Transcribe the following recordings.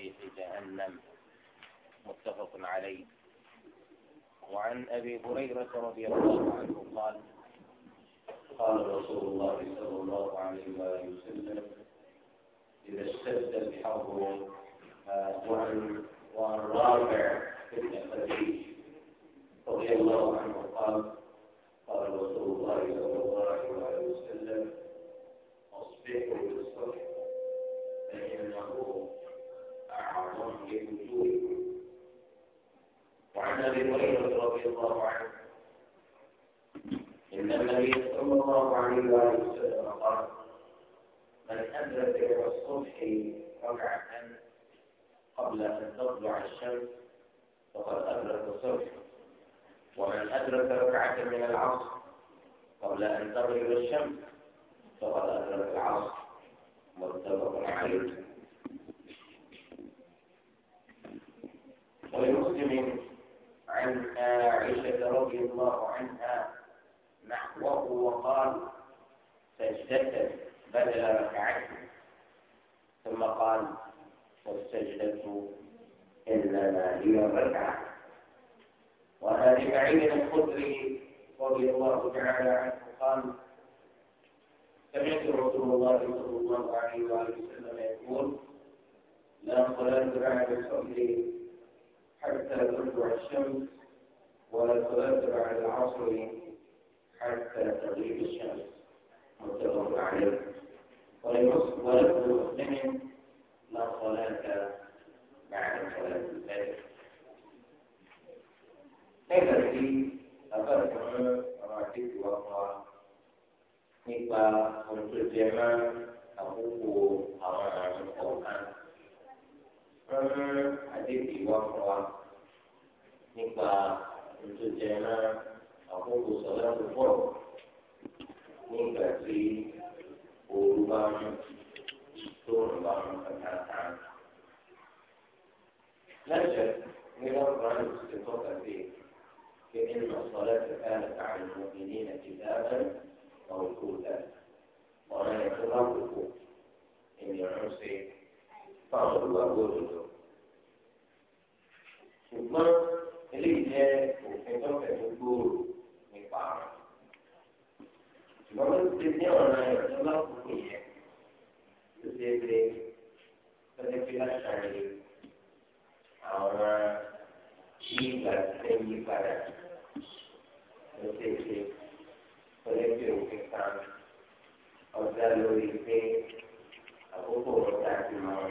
في جهنم متفق عليه وعن أبي هريرة رضي الله عنه قال قال رسول الله صلى الله عليه وسلم إذا اشتد الحر وعن وعن في بن رضي الله عنه قال قال رسول الله صلى الله عليه وسلم أصبحوا بالصبح فإنه وعن أبي هريرة رضي الله عنه إن النبي صلى الله عليه وسلم قال من أدرك إلى الصبح ركعة قبل أن تطلع الشمس فقد أدرك الصبح ومن أدرك ركعة من العصر قبل أن تغرب الشمس فقد أدرك العصر متفق عليه مسلم عن عائشة رضي الله عنها نحوه وقال سجدة بدل ركعتين ثم قال والسجدة إنما هي الركعة وعن أبي بعيد الخدري رضي الله تعالى عنه قال سمعت رسول الله صلى الله عليه وسلم يقول لا صلاة بعد الصبر حتى تطلع الشمس ولا صلاة بعد العصر حتى تغيب الشمس متفق عليه ولكل مسلم لا صلاة بعد صلاة الفجر هذا في أفرق مراتب وقوى nípa ohun tó jẹ máa القرآن rán àdébì wá fún wa nípa ìtòjẹ náà àkókò sọlá tó pọ̀ nígbà tí òru bá ń tó ń bá ń kàkàkà. لجأ إلى القرآن استطاعت فيه فإن الصلاة كانت على المؤمنين كتابا موقوتا ومن يتمرق إن يعصي fáwọn olùwàgbọ́ òdodo. ṣùgbọ́n eléyìí jẹ́ òfin tó fẹ̀ tó gbòòrò nípa rẹ̀. ṣùgbọ́n tó ti ní ọ̀ràn ìrọ̀lẹ́ lọ́kùnrin yẹn tó ṣe é pé lọ́dẹ fi láṣà rẹ̀ àwọn yíyígbà tẹ́ yí padà ló ṣe é pé lọ́dẹ fi òfin kan ọjà lórí pé àkókò ọ̀dà ti mọ̀ ọ́.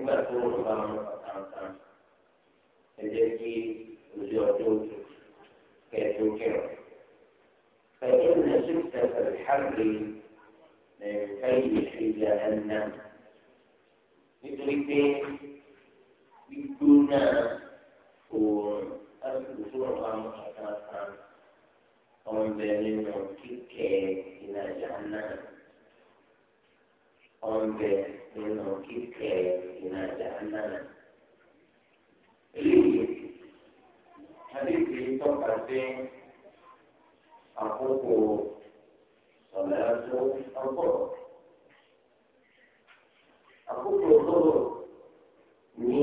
nígbà tó wọn bá wọn tàǹtàǹ ẹ jẹ́ kí ojú ọjọ́ ojú kẹjọ kẹrọ فإن شمسة الحرب من كيد جهنم nítorí pé gbígbóná òòrùn lásìkò tó wọn bá mọ àtàkàn ọ̀nbẹ nínú kíkẹ́ ìlàjà náà ọ̀nbẹ. nínú kíkẹ́ iná jahannama. eléyìí adéke tọ́ka sí àkókò sọ̀lẹ́yàtò ọgbọ̀. àkókò tọ́lọ̀ ní.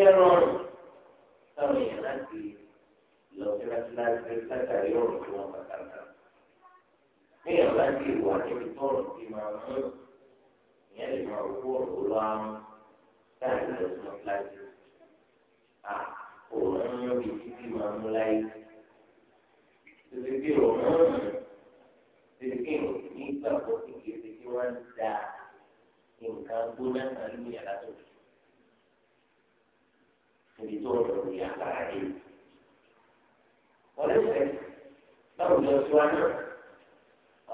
jẹ́ rọrùn táwọn èèyàn láti lọ sí láti láti látàrí ọ̀rọ̀ tí wọ́n bá kàkà. Ní èèyàn láti wà níbi tọ́rọ̀ ti máa mú ìyẹn lè máa wú ọ̀rọ̀ lọ àmú láti lọ sí wọn láti. À òun ń mú ibi títí máa mú láyé. Tètè bí òun ń mú tètè kí n ní ìgbàgbọ́ kékeré tí wọ́n ń da nǹkan gbóná kan ní níbi tó rọrùn ní agbára dé. ọlẹ́sẹ̀ báwo ni ọtí wa náà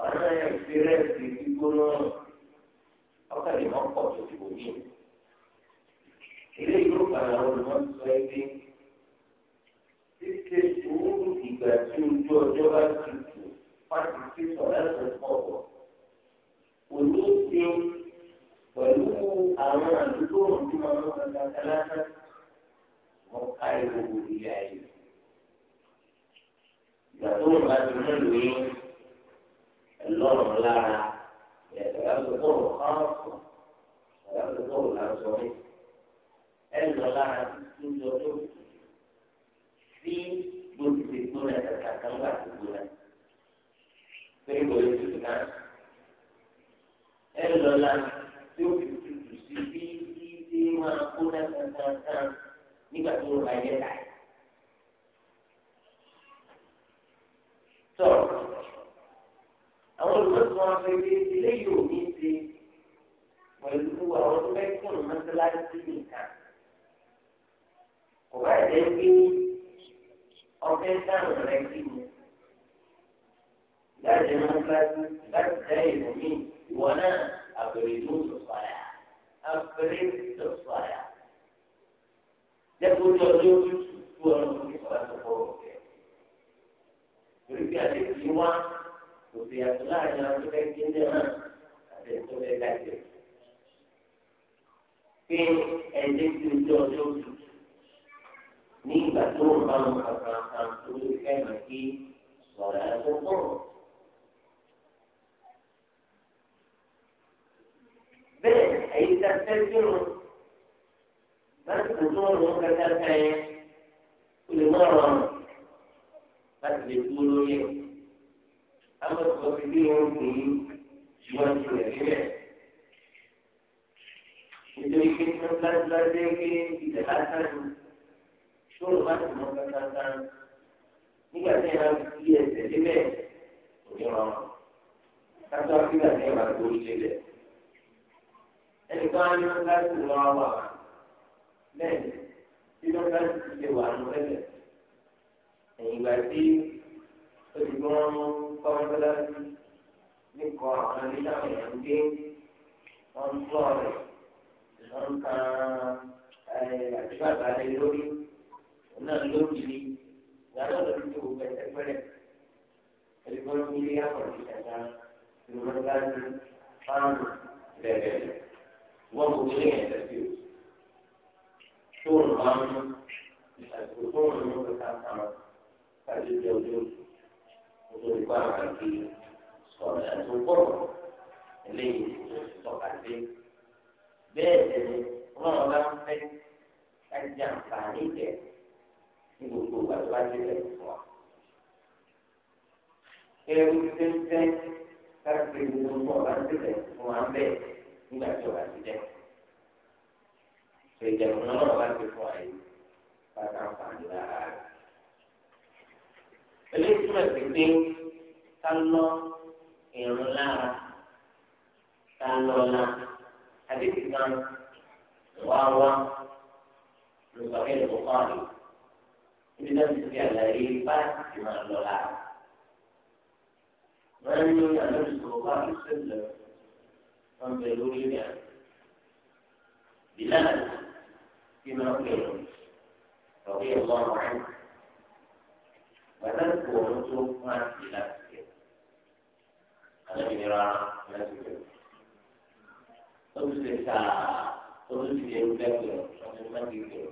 ọ̀rọ̀ náà ẹ̀fẹ́rẹ́sì gbígbóná ọkàlẹ̀ mọ́ pọ̀ tó ti wò ní. ilé yóò padà wọn lọ sọ ẹgbẹ́ títí sùúrù ìgbà tí ojú ọjọ́ bá ti tù fáti sí sọ̀rọ̀ ẹ̀sìn pọ̀ Olùsìn pẹ̀lú àwọn àdúgbò tí wọ́n ń lọ sí ọ̀gá wọ́n kárí gbogbo ilé ayé. Ìgbà tó wọn bá ti mú ìwé ẹlọ́run lára ẹ̀rọ àgbẹ̀bọ̀rọ̀ káàkó ẹ̀rọ àgbẹ̀bọ̀rọ̀ làásọ rẹ̀. Ẹ̀rọ lọ lára tó lọ tó sí gbòdì tí gbóná kàkà kan wà tó gbóná. Pé kò lè tutù náà. Ẹ̀rọ lára tí fi tutù sí bí kí ṣe máa gbóná kankan kan nígbà tí mo bá yẹ ká yẹ. tọ́ àwọn olùdókòwò wọn fẹ́ gbé ilé yóò ní ṣe pẹ̀lú àwọn tó fẹ́ kún mọ́sálásí nìkan. kò bá jẹ́ pé ọ̀fẹ́ dáhùn rẹ̀ kí ni. láti mọ́sálásí láti dá ìlú mi ìwọ náà àbẹ̀rẹ̀ ló ń sọ̀rọ̀ àbẹ̀rẹ̀ ló sọ̀rọ̀ lẹ́kọ̀ọ́ ọjọ́ tútù tó ọ̀nà nípa àtọ̀kọ̀ ọ̀kẹ́. Torí bí àdéhùn wá kò sí àtọ̀ láàrin àwọn tó fẹ́ kí ní ọ̀nà àti ẹ̀tọ́ fẹ́ dájẹ́. Pé ẹ̀jẹ̀ tí ojú ọjọ́ tútù ní ìgbà tó ń bá wọn kankan kan tó ló fẹ́ mà kí ọ̀rọ̀ àtọ̀kọ̀. Bẹ́ẹ̀ ẹ̀yin ta fẹ́ kírun láti kò tó ń lò kẹkẹ kẹyẹ kó lè mọ ọ̀rọ̀ láti lè kú lórí ẹ àwọn ọkọ ti bí wọn kù ní ìwádìí rẹ níbẹ̀ nítorí pé tí wọn bá ti bá dé pé ìdè lásán tó lọ bá ti mọ kankan nígbà tí wọn bá ti ẹsẹ̀ níbẹ̀ kò ní rọrùn kátó akíkà ní ìwà tó ń ṣe bẹ ẹnì á ní wọn bá ti lọ lẹ́yìn tí wọ́n bá ti ṣe wà ní ẹ̀lẹ̀ ẹ̀yìn ìgbà tí olùgbọ́n kọ́mọ́tọ́lá ní kọ́ àwọn nígbà wọ̀nyẹn gbé wọ́n ń tọ́ wọ́n ń kan àti bàbá rẹ̀ lórí náà yàtọ̀ lórí tó pẹ̀lẹ́pẹ̀lẹ́ olùgbọ́n nílé àkọ́jú ẹ̀dá olùgbọ́n bá ti fáàmù bẹ̀rẹ̀ wọ́n kò gbé yẹn lẹ́sìn. شغل قانون الدخول المدة عمل هذه الجوجل وتطبيق على صلاة القرب اللي تطبق عليه بẹ́ẹ̀ ọlọ́run bá ń fẹ́ láti àǹfààní jẹ ní gbogbo ìgbà tó fún wa. ewu ti fẹ́ láti gbogbo ìgbà tó bá fún wa bẹ́ẹ̀ nígbà tó bá ti rẹ̀ ìjẹ̀bù náà wà láti fún àyè bàtà fàánì lára Kalau eléyìí kalau sí pé ká lọ ìrún lára ká lọ la àdéhùn kan wá wá lùsọ̀rọ̀ ìlú kan ibi náà ti fi àlàyé bá فيما قيل رضي الله عنه وتذكر نصوص ما في نفسك أنا من إيران نفسك أمسك ساعة أمسك يوم ذكر أمسك ما ذكر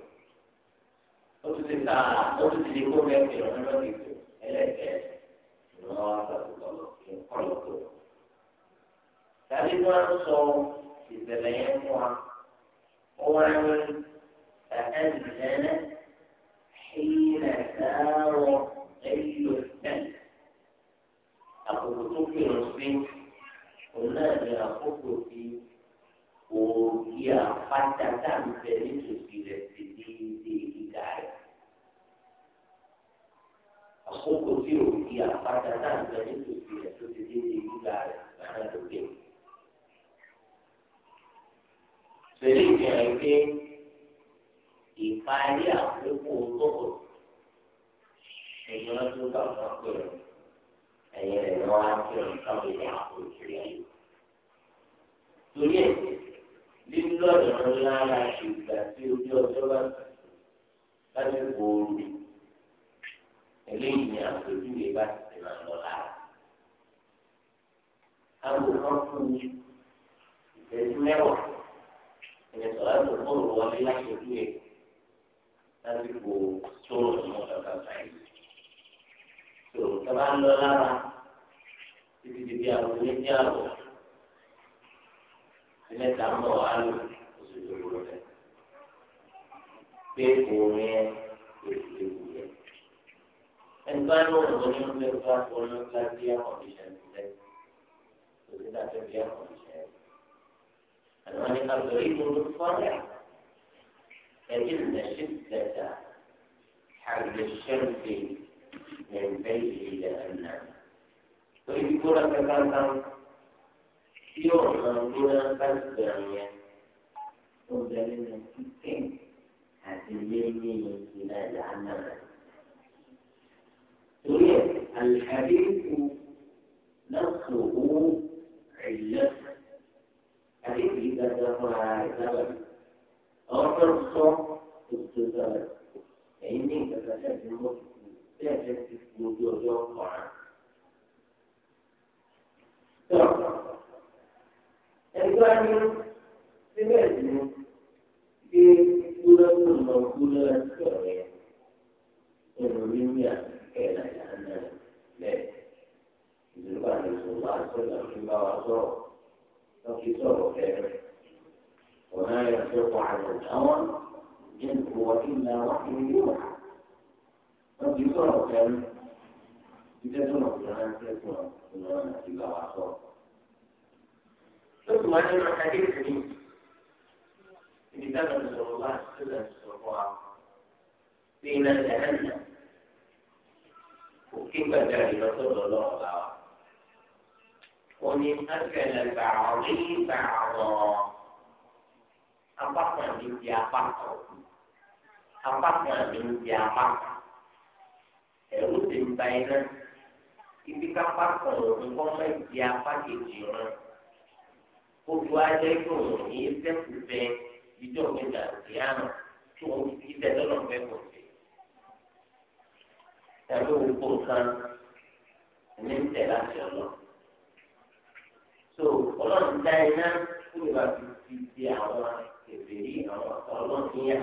أمسك ساعة أمسك يوم ذكر أمسك ما ذكر إليك الله تبارك وتعالى تابعنا نصوص في الزمن يوم واحد فأذن حين سار ليل الثلج أقول توفي المسلم قلنا بأخذ في òògì àpáta tá à ń bẹ nítòsí rẹ̀ ti di ilé gíga rẹ̀. Àkókò tí òògì àpáta tá à ń bẹ nítòsí rẹ̀ tó ti di ilé gíga rẹ̀ gbàdá lókè. Sèlé ìgbìyànjú pé. ìparí àkókò lóko ẹ̀yìn ọdún táwọn pè ọ́ ẹ̀yìn rẹ̀ lọ́wọ́ á pè ọ́ táwọn ìyá kò torí ẹ̀ lílọ́ ìrànlọ́ lára ìgbà tí ojú ọjọ́ bá láti gbòòrò eléyìí ni àpèjúwe bá ti ti máa lára. àwọn kan fún mi ìtẹ́jú mẹ́wàá ìrẹsọ̀rọ̀ àti òkúrò wọlé láti ojú ẹ̀kọ́ lásìkò sóró ọmọ kàkà báyìí. tó tọ́ba ń lọ lára títí di bí àwọn oníjì àrò ilẹ̀ ń bọ̀ wá lò oṣù tó wúlò rẹ̀. pé òun yẹn oṣù tó wúlò rẹ̀. ẹni bá ní òun tó ní ń bẹ fún akọrin láti yá kọ̀míṣẹ́ nílẹ̀ òṣìṣẹ́ àti ẹgbẹ́ kọ̀míṣẹ́. àná ní ká sọ ìgbóhùn fọ́ọ̀rẹ́. فإن شدة حر الشمس من إلى جهنم وإن كنا كفرنا يوم كنا فسرنا وجعلنا كتين هتجيني إلى جهنم الحديث نصه علة حديث إذا دخل على àwọn fẹ́ sọ òtítọ́ rẹ̀ ẹ̀yin ní ìgbàgbà ṣẹ́ẹ̀tì mọ́ bẹ́ẹ̀ fẹ́ ti fi ojú ọjọ́ ọ̀ràn. tó ẹgbẹ́ ni síbẹ̀ sí gbé kúrẹ́kù lọ kúrẹ́ sọ̀rẹ́ ẹ̀rọ mímí àkẹ́lá ìlànà lẹ̀ ìdúró àti ìṣòwò àti ìṣòwò àti ìbáwá sọ̀rọ̀ lọ́kì sọ̀rọ̀ fẹ́rẹ́. وما يصدق على الهوى إن هو إلا وحي يوحى قد يقرأ كان إذا سمع القرآن سيسمع القرآن إلا وعصاه ثم أن الحديث حديث إذا كان رسول الله صلى الله عليه وسلم فينا جهنم وكيف كان رسول الله صلى الله عليه وسلم ومن أكل بعضي بعضا apákan mi di apákan apákan mi di apákan ẹ̀rù ti ń ba iná ibi kápákan òun kọ́ fẹ́ di apá kejì rẹ̀ gbogbo ajẹ́ kí òun ní sẹ́kù bẹ ìjọ gbẹ̀dà ìyáàmù tí òun ti tẹ̀ lọ́nà fẹ́ kò sí. kan ní tẹ̀ so ọlọ́run dá iná kúrò di àwọn èbèrè àwọn ọlọ́ọ̀nìyà.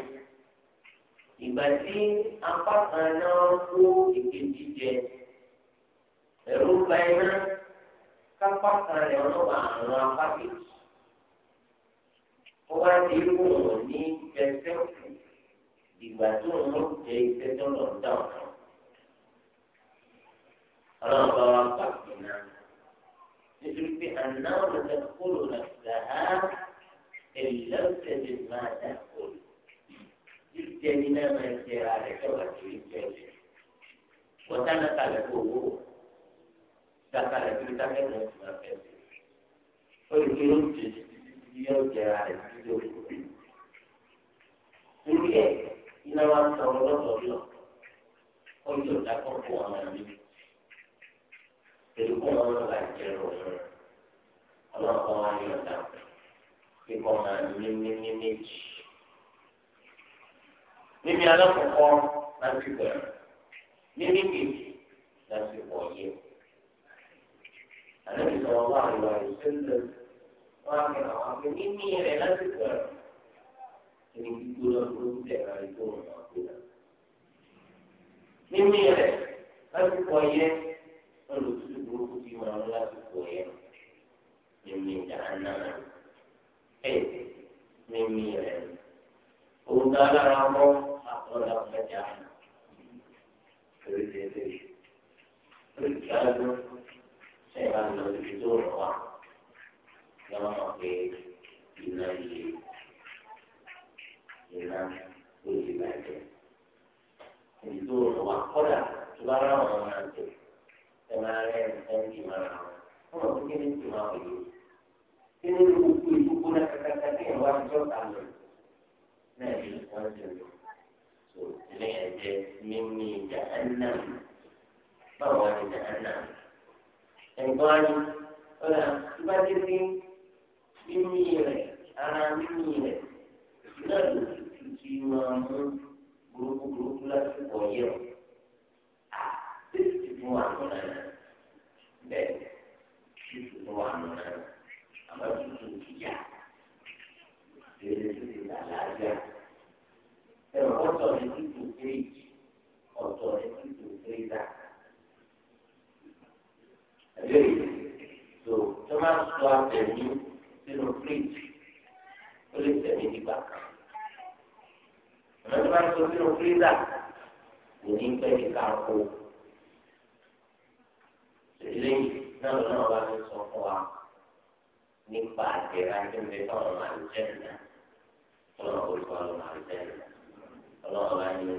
ìgbà tí apá kan náà kó ìkejì jẹ ẹ̀rú ba iná kápá kan rẹ̀ ọlọ́wà àwọn apá kejì. ó wá di irú wọn ní pẹ̀sẹ̀ ìgbà tó ń jẹ iṣẹ́ tó lọ dá ọ̀kan. ọlọ́run bá wa gbà pé nítorí pé àná ọ̀rọ̀ lẹ́kọ́ lọ́la لم تجد ما في تكن ما فالجنود يرجع على الجنود Porque iná wa ń sọ ọlọ́dọ̀ lọ, ó yóò dákọ̀ fún ọmọ mi. Pẹ̀lú kó wọn lọ bá jẹ́ ọ̀rọ̀ ọlọ́kọ̀ wa ní ọ̀dà pé máa ní ní ní méjì. Níbi alákọ̀ọ́kọ́ láti bẹ̀rẹ̀, níbi kejì láti pọ̀ yẹ. Àlejò sọ̀rọ̀ wà lọ ìṣẹ̀lẹ̀ wọn á kẹ́kọ̀ọ́ wọn pé níní rẹ̀ láti bẹ̀rẹ̀. Ẹni gbígbóná ló ń tẹ̀ ra ìgbó wọn àgbéra. Níní rẹ̀ láti pọ̀ yẹ. Olùtútù burúkú ti máa ń láti pọ̀ yẹ. Níní ìjà náà. إيه من ميرا ودار رامو أقول لك جاهنا كريتيش كريتيش سيران لو تجدور الله يوم في إنه ìran lórí ìbàjẹ́. Ìlú wa kọ́dà tó bá ráwọn ọmọ náà tó ẹ máa rẹ ẹ ń jìmọ̀ ara wọn. Wọ́n mọ̀ fún kíni jìmọ̀ àwọn yìí. Kíni ló kú ikú súnmọ́ kankan tí ìwà àjọ àlọ́ náà ní wọ́n ti lò tó ilé ẹ̀jẹ̀ mímí ìjà ẹ̀nà báwo ni ìjà ẹ̀nà ẹ̀gbọ́n ni ọ̀là ìbá ti fi mímí rẹ̀ ara mímí rẹ̀ náà lò tutù tí máa mú burúkú burúkú lásìkò yẹ̀ ọ́ títí fún èyí nípa àjẹrà tó ń bẹ fáwọn àlùjẹ́ náà. ọlọ́run orúkọ ọlọ́run àrùtẹ́ ọlọ́run bá ní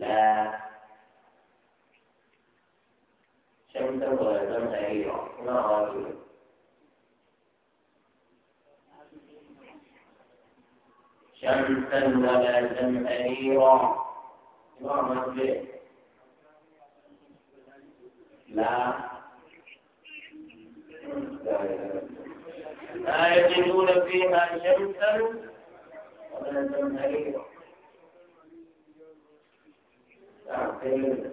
lá ṣẹ́ńtẹ́bọ̀ ẹ̀dọ́ náà yọ náà wá dùn. شمسا ولا زمهريرا إمام مسلم لا لا يجدون فيها شمسا ونزلنا عليه تعقيل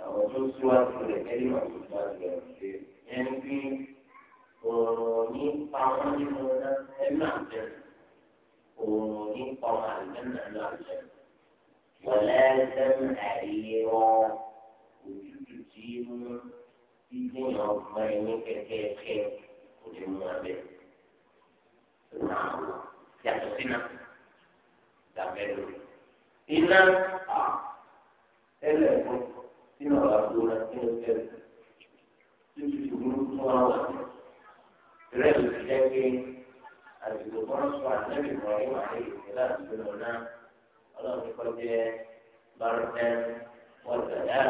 أو تسوى كل كلمة تسوى يعني في قروني قروني هنا المعجز قروني قرع الجنة المعجز ولا تنهريرا وتجيب في دين عظمين كثير خير وجمع به yàtọ̀ sínú dàmẹ́lò iná ẹlẹ́gbẹ́ sínú ọ̀rọ̀ àgbóná nínú tẹ́lẹ̀ títí ìgbóná tó wà wà rẹ̀ ló ti jẹ́ pé àdìgbò kan sọ àtẹ́lẹ̀ kan yóò wà ní ìpínlẹ̀ láti gbé lọ náà ọlọ́run kọ́ jẹ́ bárúkẹ́ wọ́sẹ̀lẹ́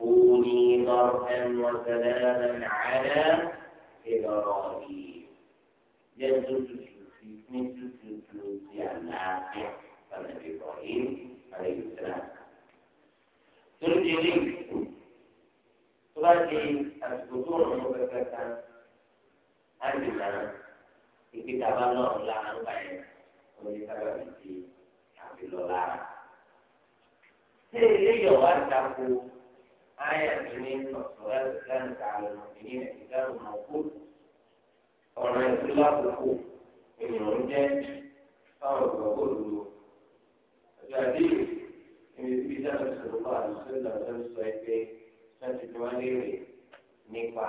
قولي ضربا وسلاما على إبراهيم يسجد من سجود النافع فالنبي إبراهيم عليه السلام ترجي لي تراجي الصدور المبكرة عندنا في كتاب الله لا أنبعي ومن في كتاب الله هي يوم تقول آية من الصلاة كانت على المؤمنين كتاب موقوت ọ̀rọ̀ ẹ̀sìn lákòókò ènìyàn ń jẹ́ táwọn ìgbàgbọ́ òdodo. Àjàdí ibi tí Bíjáde sọ̀rọ̀ bá àdúgbò lọ́dọ̀ sọ pé láti fi wá léèrè nípa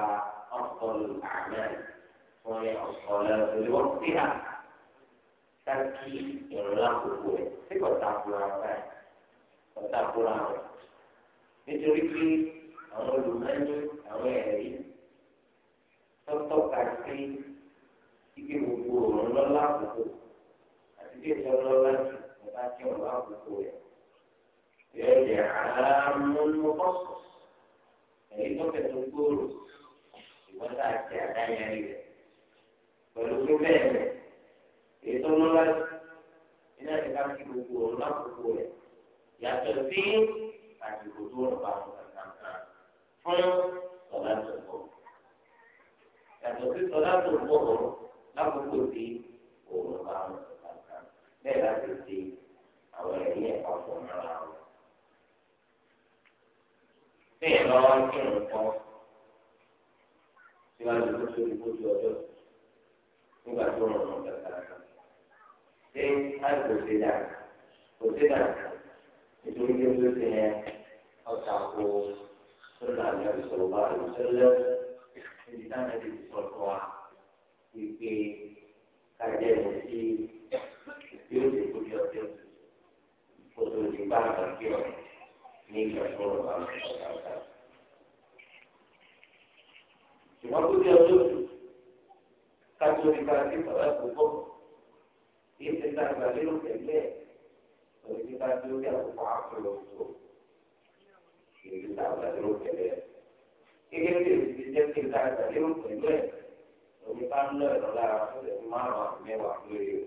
ọ̀pọ̀lù àmà fún ní ọ̀pọ̀lù ìwọ́n síra káàkiri ìrìn lákòókò rẹ̀ tí kò rẹ̀ kò rẹ̀ nítorí pé àwọn olùmọ̀ẹ́ni àwọn ẹ̀rí tó tọ́ka kíkẹ́ gbogbo ọ̀rọ̀ lọ́lá àkókò àti bí ẹ̀jẹ̀ lọ́lá jù nípa kí ọ̀rọ̀ àkókò rẹ̀. Ẹ̀jẹ̀ àmúlùmọ́sọ̀ èyí tó fẹ̀ tó gbòòrò ìwọ́n tá a ti àdáyẹrí rẹ̀. Pẹ̀lú pé bẹ́ẹ̀ rẹ̀ èyí tó lọ́lá jù iná ti ká kí gbogbo ọ̀rọ̀ àkókò rẹ̀ yàtọ̀ sí àsìkò tó rọ̀ bá wọn kankan fún sọ̀lá tó bọ̀. Yàtọ̀ sí sọ̀lá tó bọ̀ ọ̀rọ̀ lákòókò tí òun bá ń kankan bẹ́ẹ̀ láti ṣe àwọn ẹ̀rí ẹ̀ka fún ara wọn. bẹ́ẹ̀ lọ́wọ́ ń kírun kan síwájú tó tóbi kójú ọjọ́ nígbà tó rọ̀ wọn kankan. ṣé àìkò ṣe dà kò ṣe dà nítorí pé ó ṣe yẹn ọ̀sà kó sọ́dọ̀ àmì ọ̀sọ̀rọ̀ bá àlùsọ̀rọ̀ níbi táwọn ẹ̀dẹ̀ ti sọ̀rọ̀ wa wípé kájẹ́ mo sí bí ó ti kú bí kó tó di bá àgbà kí ọ ní ìgbà tó rọ̀ bá ọ̀gá ọ̀gá. ṣùgbọ́n kó bí ọjọ́ kájọ́ ní bá ti bàbá àkókò kí ẹ ti ta àgbà lérò pẹ̀lú ẹ̀ òní ti bá ti yà kó àkókò lọ́wọ́ kí ẹ ti ta àgbà lérò pẹ̀lú ẹ̀. Gẹ́gẹ́ bí èsì ti jẹ́ kí n ta àgbà lérò pẹ̀lú ẹ̀ omi bá ń lọ ẹ̀rọ lára fún ìṣẹ́jú márùn-ún mẹ́wàá lórí o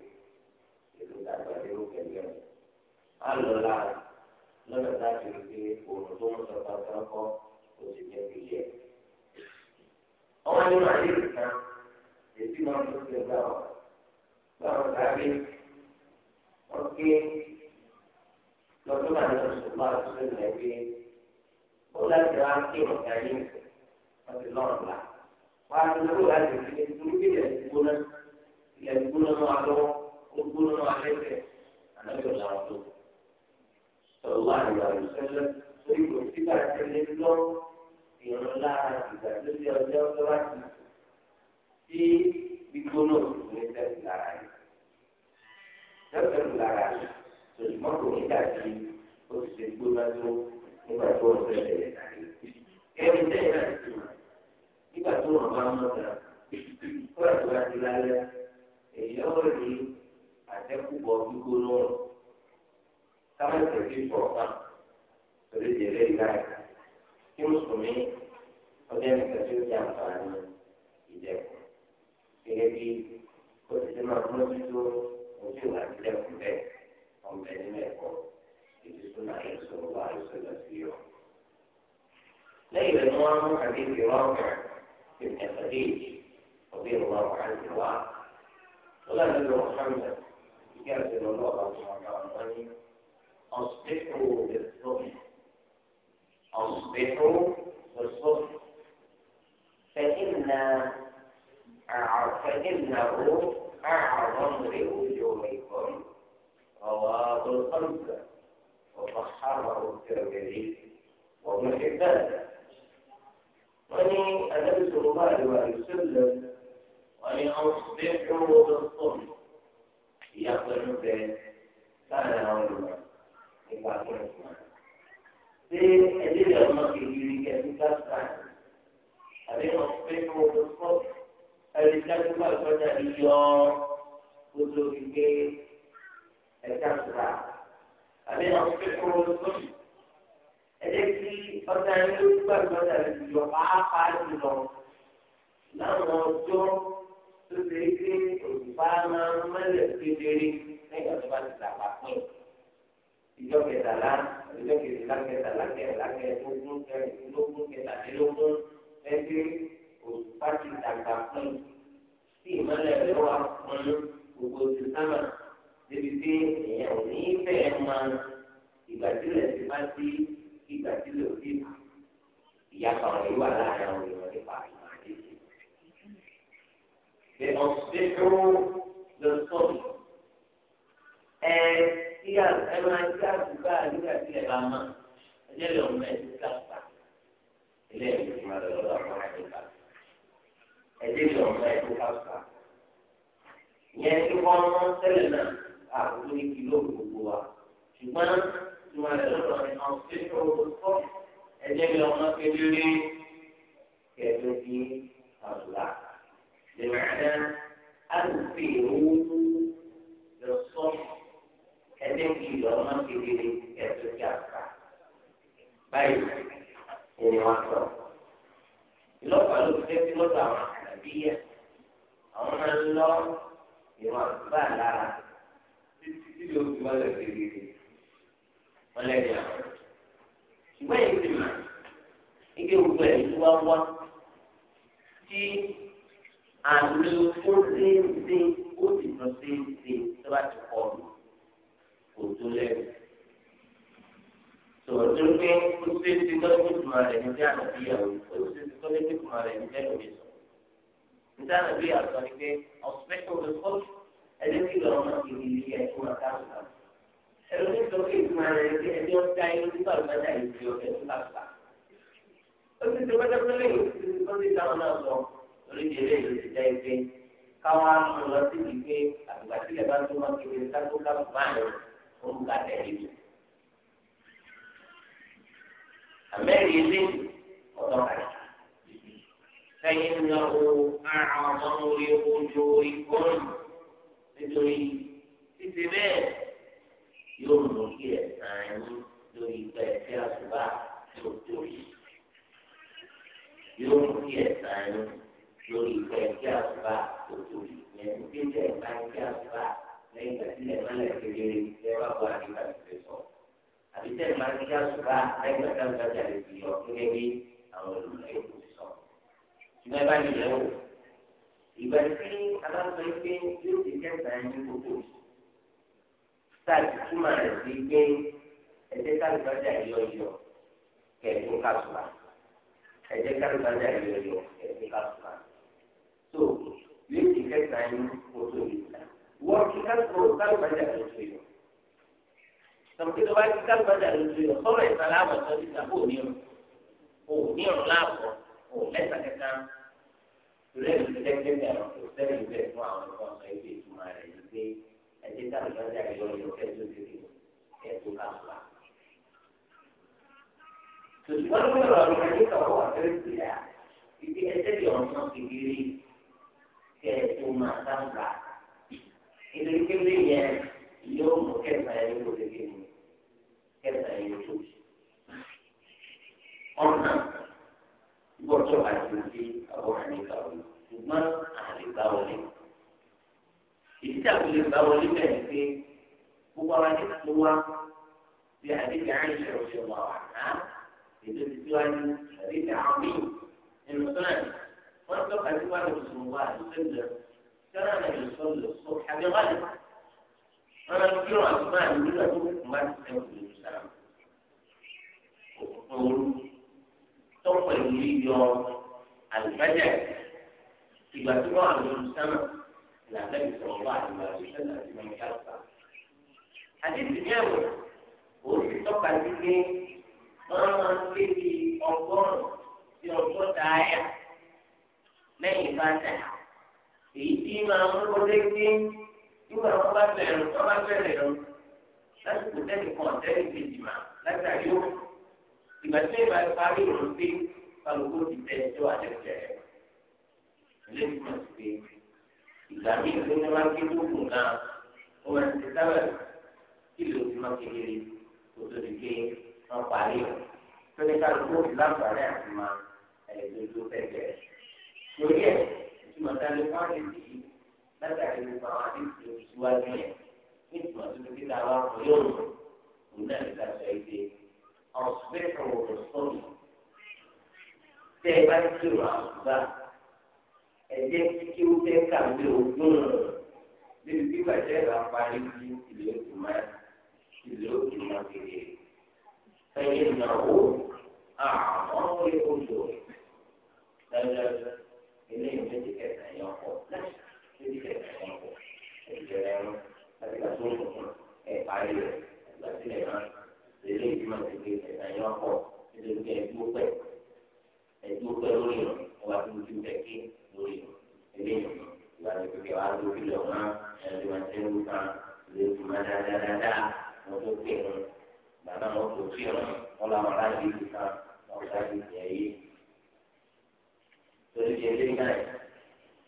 èlò ìdàgbà lérò pẹ̀lú ẹ̀ á lọ lára lọ́nà láti rí pé òòrùn tó ń sọ pátá kọ́ ó ti jẹ́ bí yẹ. ọmọ nínú àyè ìkan èsì máa ń ṣe gbà wọ́n gbà wọ́n dábí gé lọ́dún àti oṣù máa tún ṣe lẹ́gbẹ́ láti wá kí ìrọ̀kẹ́ yìí wọ́n ti lọ́rùn wàá tó lọ́wọ́ láti fi lè tó kí ilẹ̀ gbóná ilẹ̀ gbóná máa lọ́wọ́ ó gbóná máa lẹ́sẹ̀ ànábìọ̀ làwọn tó. sọ̀rọ̀ wà ní àwọn ìṣẹ́lẹ̀ tó ìgò sígbà tẹ́lẹ̀ lọ ìrànlára ìgbà tó ti ọjọ́ tó bá ti tí gbígbóná òṣùwọ̀n ní sẹ́ẹ̀tì lára rẹ̀. sẹ́ẹ̀tì lára rẹ̀ lòdì mọ́tò nígbà tí ó ti ṣe gbóná tó nígbà tó ń bẹ̀rẹ̀ nígbà tó wọn bá ń mọ ta kó ẹ̀kọ́ láti lálẹ́ èèyàn ó rí àtẹ́kùbọ̀ gbígbóná rẹ̀ táwọn ìtẹ̀sí pọ̀ kan torí ìdílé ìlànà kí mùsùlùmí ọjọ́ nìkan tí ó jẹ́ àǹfààní ìjẹ̀kùn gẹ́gẹ́ bí ó ti ṣe máa mú títú ojú ìwà ìjẹ̀kùn bẹ́ẹ̀ ọmọ ẹni mẹ́kọ̀ọ́ ètò ìsúná ẹ̀sọ́ wà lóṣèlú sí yọ. lẹ́yìn rẹ̀ wọ́n á mú àdéhùn ìwà ọ̀gá. ابن خديج رضي الله عنه وارضاه قال له محمد يجازي الله سبحانه وتعالى أصبحوا بالصبح أصبحوا بالصبح فإن فإنه أعظم لوجوهكم رواه الخمسة وصححه الترمذي وابن حبان وني النبي صلى الله عليه وسلم وني أصبحوا بالصبح يقبل به كان أولما يبعث عثمان في أدلة المكي اللي كان كتاب أبي أصبحوا بالصبح أبي كان كتاب اليوم وزوجي أكتب أبي أصبحوا بالصبح ẹ̀jẹ̀ kí ọjà yẹn ló gbà lọ́jà ìjọ pàápàá jùlọ láwọn ọjọ́ tó ṣe é pé òṣùpá máa ń mẹ́lẹ̀ kedere lẹ́yìn ọ̀dọ́ bá ti dàgbà pín ìjọ kẹtàlá ìjọ kẹtàlá kẹtàlá kẹtàlá kẹtàlógún kẹtàlógún kẹtàlélógún ẹgbẹ́ òṣùpá ti dàgbà pín tí ìmọ̀lẹ̀ rẹ̀ wà fún gbogbo ti sábà débi pé èèyàn ò ní fẹ́ẹ́ máa ìgbàdúrà ti bá sí ìgbà tí lè fi ìyàtọ̀ rẹ̀ wà láàárín àwọn èèyàn nípa ìmọ̀ àdéhùn. The hospital the story. Ẹ kí ẹ máa kí àtúgbà nígbà tí ẹ bá mọ̀ ẹjẹ́ lè ọmọ ẹ ti ká pa ilé ẹ̀jẹ̀ tí máa lọ lọ́dọ̀ àwọn àdéhùn. Ẹjẹ́ lè ọmọ ẹ ká pa. Ìyẹn tí wọ́n mọ́ tẹ́lẹ̀ náà àbúrò ní kìlóògùn gbogbo wa. Ṣùgbọ́n tí wọ́n lè lọ́dọ̀ ní àwọn tó ní owó tó ẹ̀jẹ̀ mi lọ́mọ kékeré kẹ̀tọ́ kí ọ̀la. Lèmọ̀dá àlùfẹ́ owó lọ sọ ẹ̀jẹ̀ kí lọ́mọ kékeré kẹ̀tọ́ kí àgbà. Báyìí ni awon to ìwọ̀n àgbà lára títí tí ó fi wọ́n lọ kékeré. ọlẹ́dẹ̀ àwọn. ìwé yìí ti mà ike gbogbo ẹ̀ ló wá wá tí àmì ó déédé ó sì lọ déédé tó bá ti pọ̀ lù kò tó lẹ́nu. sọ̀rọ̀ tó pé ó déédé lọ́dún ìtumọ̀ rẹ̀ ní bí àná bí àwọn ó déédé tó lẹ́nu ìtumọ̀ rẹ̀ ní bẹ́ẹ̀ lómi sọ. níta àná bí àtọ́ ni pé ọ̀sùn mẹ́tò ló kọ́ ẹ̀dẹ́gbẹ̀rún ọmọ ìrìlẹ̀ ẹ̀kọ́ àtàwọn àti ẹ̀rọ ní sọ pé ìgbìmọ̀ rẹ̀ ní ẹni ọ̀gá ẹni nígbà tó dáa ìdí ọ̀fẹ́ tó bá gbà. ó ti ti wájú pé lẹ́yìn tó ti dáhùn náà sọ oríṣi eléyìí ló ti dá ẹgbẹ́ káwọn amú lọ sí ìgbé àgbà tí ẹ bá tó wọn kiri sáko káfù báyìí ó ń ga tẹ̀lé mi. àmẹ́rin ilé ọ̀dọ́ rẹ̀ sẹ́yìn ọmọ orí ojú orí kọ́ọ̀nù nítorí títí bẹ́ẹ̀ yóò mú kí ẹ̀sán yín lórí ìgbà ẹ̀sẹ̀ àtúbà tó tóbi. Yóò mú kí ẹ̀sán yín lórí ìgbà ẹ̀sẹ̀ àtúbà tó tóbi. Ẹ̀sìn tí ìgbà ẹ̀sẹ̀ ẹ̀sẹ̀ àtúbà lẹ́yìn ìgbà sílẹ̀ máa lẹ̀ kékeré lẹ́wà bọ́ àdìgbà ìfẹ́ sọ. Àbí tẹ́ ẹ̀ máa àtúbà lẹ́yìn ìgbà táwọn ìgbàjà lè fi táàtì túmọ̀ rẹ̀ sí pé ẹ̀jẹ̀ kálífàjà yọ̀yọ̀ kẹ̀kún kásùmá ẹ̀jẹ̀ kálífàjà yọ̀yọ̀ kẹ̀kún kásùmá tó yóò ti kẹta yín kótó yìí wọ́n ti kálífàjà tó tó yọ. tọ̀mùkí tó bá ti kálífàjà tó tó yọ sọ́rọ̀ ìsàlẹ̀ àbọ̀tán ti sàbò nírun ò nírun láàbọ̀ ò lẹ́sà kẹta rẹ̀ ló ti dẹ́gbẹ́gbẹ́ àwọn kò sẹ́yìn bẹ́ẹ̀ ẹtí tá a lọ sí àgbẹ̀ lọ́wọ́ yóò kẹ́tù sí i kẹ́tù káfà. Tòṣùwọ́n ló lọ rí ẹni kọ̀ọ̀kọ́ ọ̀tẹ́rẹ́ sí i à ibi ẹsẹ̀ bí ọ̀nà kékeré kẹ́tù máa sáǹkà. Ilé kékeré yẹn yóò mú kẹta ẹni kó lè kéde kẹta ẹni tó. Ọ̀nà gbọ́dọ̀ àti ìdí àwọn àníkàwé ṣùgbọ́n àníkàwé. إذا كل ما ولد في هو رجل هو في حديث عائشة رضي الله عنها إذا تسواني حديث عظيم المسلم وانتم أزواج رسول الله وسلم كان يصلي الصبح بغلط أنا أذكر أسماء من دون ما تسمع في الإسلام سوف يريد الفجر إذا سمع من السماء لأنه صلى الله عليه وسلم في من يرفع حديث الجامع هو في الطبقة الدينية ما في أرقام في أرقام داعية لن يفاتح èyí tí máa ń kó dé pé nígbà wọn bá bẹ̀rẹ̀ lọ wọn bá bẹ̀rẹ̀ lọ lásìkò tẹ́lẹ̀ kan tẹ́lẹ̀ kejì mà látàrí ó ìgbà tí ìgbà parí ìròyìn pé kálukú ti tẹ̀ ẹjọ́ àtẹ̀jẹ́ rẹ̀ lẹ́yìn ti pè é ìgbà míì tó ní máa ń ké tó kùn náà ó máa ti sábà kí ló ti máa kékeré kó tó di pé wọ́n parí ọ̀ tó ní kálukú láǹfààní àti máa ẹ̀yẹ tó tó fẹ́ bẹ̀rẹ̀. lórí ẹ̀ ìtumọ̀ sáré fún àwọn èdè yìí látàrí gbogbo àwọn àdéhùn tó síwájú yẹn ní ìtumọ̀ tó ti ta wá fún yóò rò òun náà nígbà sọ é pé ọ̀sùn fẹ́ kọ̀ wọ̀ sọ́ọ̀nù tẹ́ ẹ bá ti rò àwọn ẹ̀jẹ̀ kíkí ó fẹ́ kàwé ogún níbi bí bàjẹ́ bá parí sí ìlú òkú máa ìlú òkú máa kéde. Ẹ̀yin ìnáwó àwọn orí oṣù lọ́dọọdún ilé ìwé ti kẹta yẹn ọkọ̀ ti ti kẹta yẹn ọkọ̀ ìjẹrẹ ẹran àti ìgbàsó òkùnkùn ẹ̀ parí rẹ̀ ìgbàsílẹ̀ náà ilé ìwé máa ti kẹta yẹn ọkọ̀ ìdókè ẹ̀dúgbò pẹ̀ ẹ̀dúgbò pẹ̀ lórí ìrìn ọba lórí eléyìí ìgbàlódé kékeré wa lórí lọ mọ ẹni wọn ti ń kan lè fi máa dáadáa dáadáa tó pè wọn bàbá wọn tó pè wọn wọn làwọn ará yìí kan wọn kò láti tẹ yìí. torí di eléyìí náà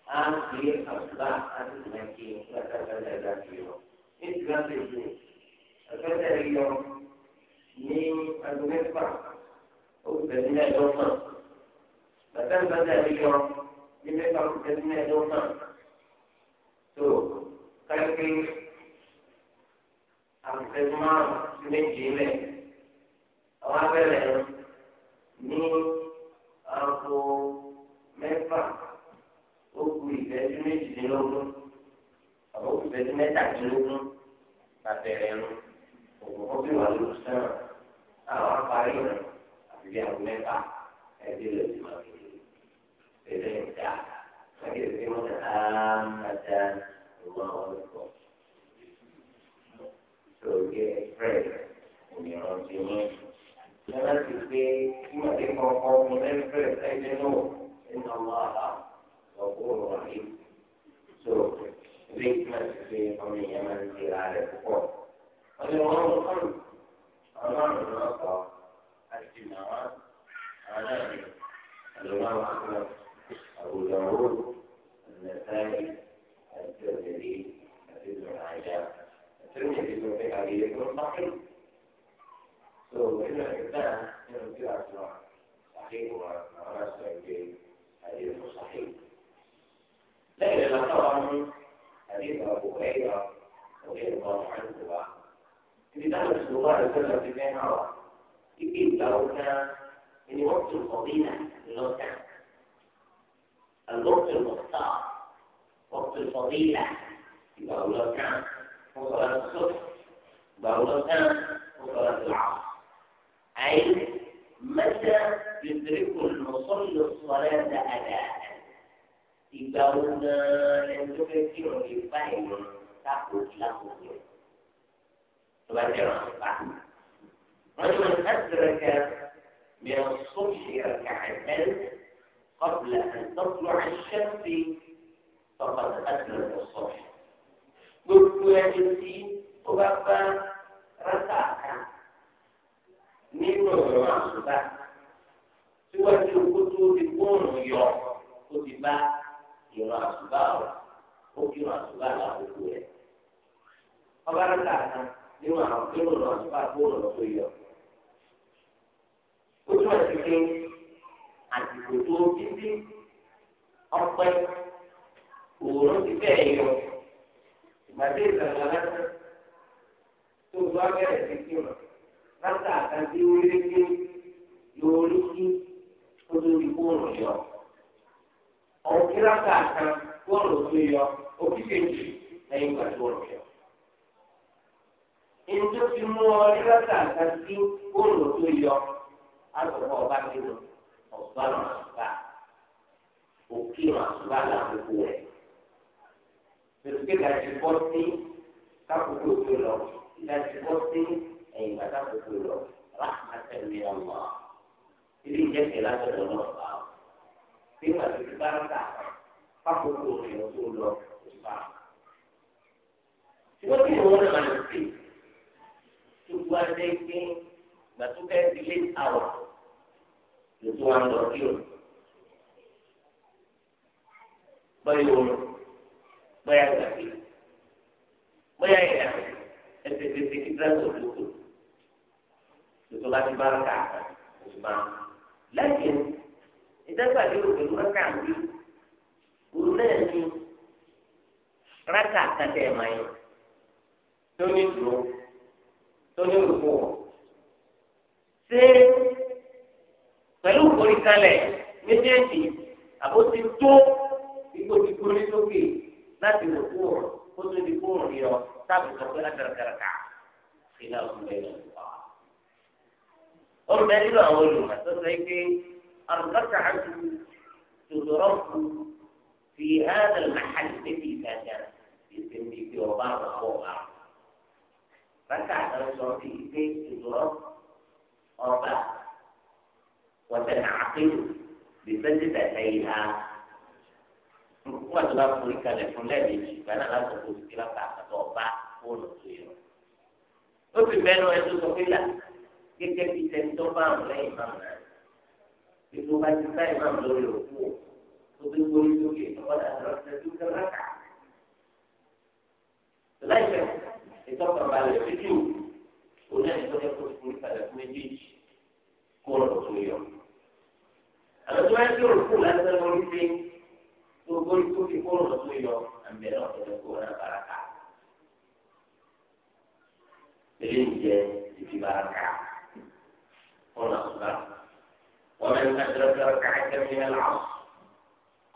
a ń fi àbúrò àti ìmọ̀kì nígbà tá a fẹ́ lẹ́ẹ̀dá sí i ní ìgbà tó ṣe àfẹ́fẹ́ rí lọ ní agbẹ́fà ó bẹ̀rẹ̀ ní ẹ̀dọ́fà bàtà ìgbà tó ṣe rí lọ ní mẹ́ta ó ti ní ẹjọ́ náà tó káyọ̀pé àfẹ́fẹ́ márùn sí méjì lẹ̀ àwọn abẹ́rẹ́ ní aago mẹ́fà ó ku ìfẹ́jú méjìdínlógún àwọn ìfẹ́jú mẹ́tàdínlógún àbẹ̀rẹ̀ nù òun ó bí wà lóṣù náà àwọn apárí rẹ̀ àti bí aago mẹ́fà ẹ̀dínlẹ̀ ìmọ̀lẹ́. كذلك الكعبة فإذا في متآمتان الله أكبر So get afraid when you're on your knees. Never to be, you might be more formal than afraid, say to know, in Allah, غفور رحيم. So, this must be from the Yemen to the Arab before. But the one will come. Allah will not go. As you know, I know you. And the one will come. أبو داود النسائي الترمذي ابن ماجه الترمذي بن علي بن صحيح سو ابن حبان من كتاب صحيح وعلى سبيل حديث صحيح لكن طبعا حديث أبو هريرة رضي الله عنه في دعوة صلى الله عليه وسلم في بين عرب يقول لو كان من وقت الفضيلة لو كان الوقت المختار وقت الفضيلة كان وصلاة الصبح كان وصلاة العصر أي متى يدرك المصلي الصلاة أداء إذا هنا لم تكثر الفهم تخرج له تبادر رجل أدرك من الصبح ركعتين قبل أن تطلع الشمس فقد أدرك الصبح gbogbo ẹni tí ó bá bá rákà kan nínú ọ̀rọ̀ àṣùbà síwájú kó tó di bóònù yọ kó ti bá ìrọ̀ àṣùbà ọ̀ ó kí ìrọ̀ àṣùbà lákòókò rẹ̀. ọba rákà kan nínú àwọn nínú ọ̀rọ̀ àṣùbà bóònù tó yọ. ó túmọ̀ sí pé àsìkò tó títí ọpẹ́ òòrùn ti bẹ́ẹ̀ yọ ìgbàdé ìsàlẹ̀ lásán tó o bá bẹ̀rẹ̀ sí kí wọn látà àtàkì orílẹ̀-èdè yóò rí kí ó tó di kóòrùn yọ. ọ̀kí látà àtàn kóòrùn tó yọ òkú kejì lẹ́yìn ìgbà tó rọ̀ yọ. Èyí tó ti mú ọ rí látà àtàkì kóòrùn tó yọ àtọ̀kọ̀ ọba kí ọ̀gbọ́n àṣùbà òkìrùn àṣùbà làkókò rẹ̀. Tòṣìkè dàjú bọ́ sí kákòókò tó lọ, dàjú bọ́ sí ẹ̀yìn bàtà kòkò lọ, rákàtà mi ọ̀wọ́. Ilé ìjẹ́kẹ̀ látọ̀dọ̀ náà bá ọ. Bí wàá ti bá ń tà, kákòókò rẹ̀ tó lọ ìfà. Ṣé wọ́n ti wọ́n náà lọ sí? Ṣùgbọ́n adé gbé gbàtúkẹ́ ilé àwọ̀ ètò wa lọ kí o báyìí o báyà gbàgbé báyà ìyá ẹsẹ̀ tètè kí dáńtò tó tó ètò láti bá ń kà oṣù máa lẹ́yìn ìdágbàgbé òkèlú rákà ń bí òun náà ní rákà kàtẹ́ ẹ̀ máa yẹ tó dùn tó ní rògbò ṣé. pẹ̀lú ìforíkalẹ̀ méjèèjì àbó ti tó igbó ti kúrò ní sókè láti wò kú ọ̀rọ̀ kó tó di kú ọ̀rọ̀ yọ táàbù sọ pé lágàràgàrà kà sí náà fún bẹ́ẹ̀ lọ́wọ́. ó ń bẹ nínú àwọn olùmọ̀ tó sọ pé àrùkọ́sà àti tòdòrọ́kù fi hàn màhàlì méjì ìdájà ìsinmi bí ọba àbọ̀ ọba. bákà àtàwọn sọ fi ìgbé tòdòrọ́kù ọba. وتنعقد بسجد إليها wọ́n ti bá forí kalẹ̀ fún lẹ́ẹ̀mejì ìgbà náà láti kó sí kíláàsì àkàtọ̀ ọba fóònù tó yẹ. ó sì bẹ́nu ẹ tó sọ pé là gẹ́gẹ́ bíi tẹni tó bá àwọn lẹ́yìn máa mọ̀ náà. ètò bá ti bá ìmáàmù lórí òkú o tó tó gbórí lókè ọ̀dà lọ́sẹ̀ tó kẹ́ láta. láìpẹ́ ìtọ́kàn balẹ̀ fídíò òun náà ní kó jẹ́ kó forí kalẹ̀ fún méjèèjì kó lọ́ọ̀ tó yọ. àwọn tó bá ń kírun kù lásán wọn ń fi gbogbo ikú fi kóró lọ sí yọ àmì ẹ̀rọ ọ̀tẹ̀lẹ̀ kó wọn bára ká. eléyìí jẹ ìfi bára ká wọn lọ sọ bára wọn bẹ nípa tó lọ ká ẹgbẹ́ mi lọ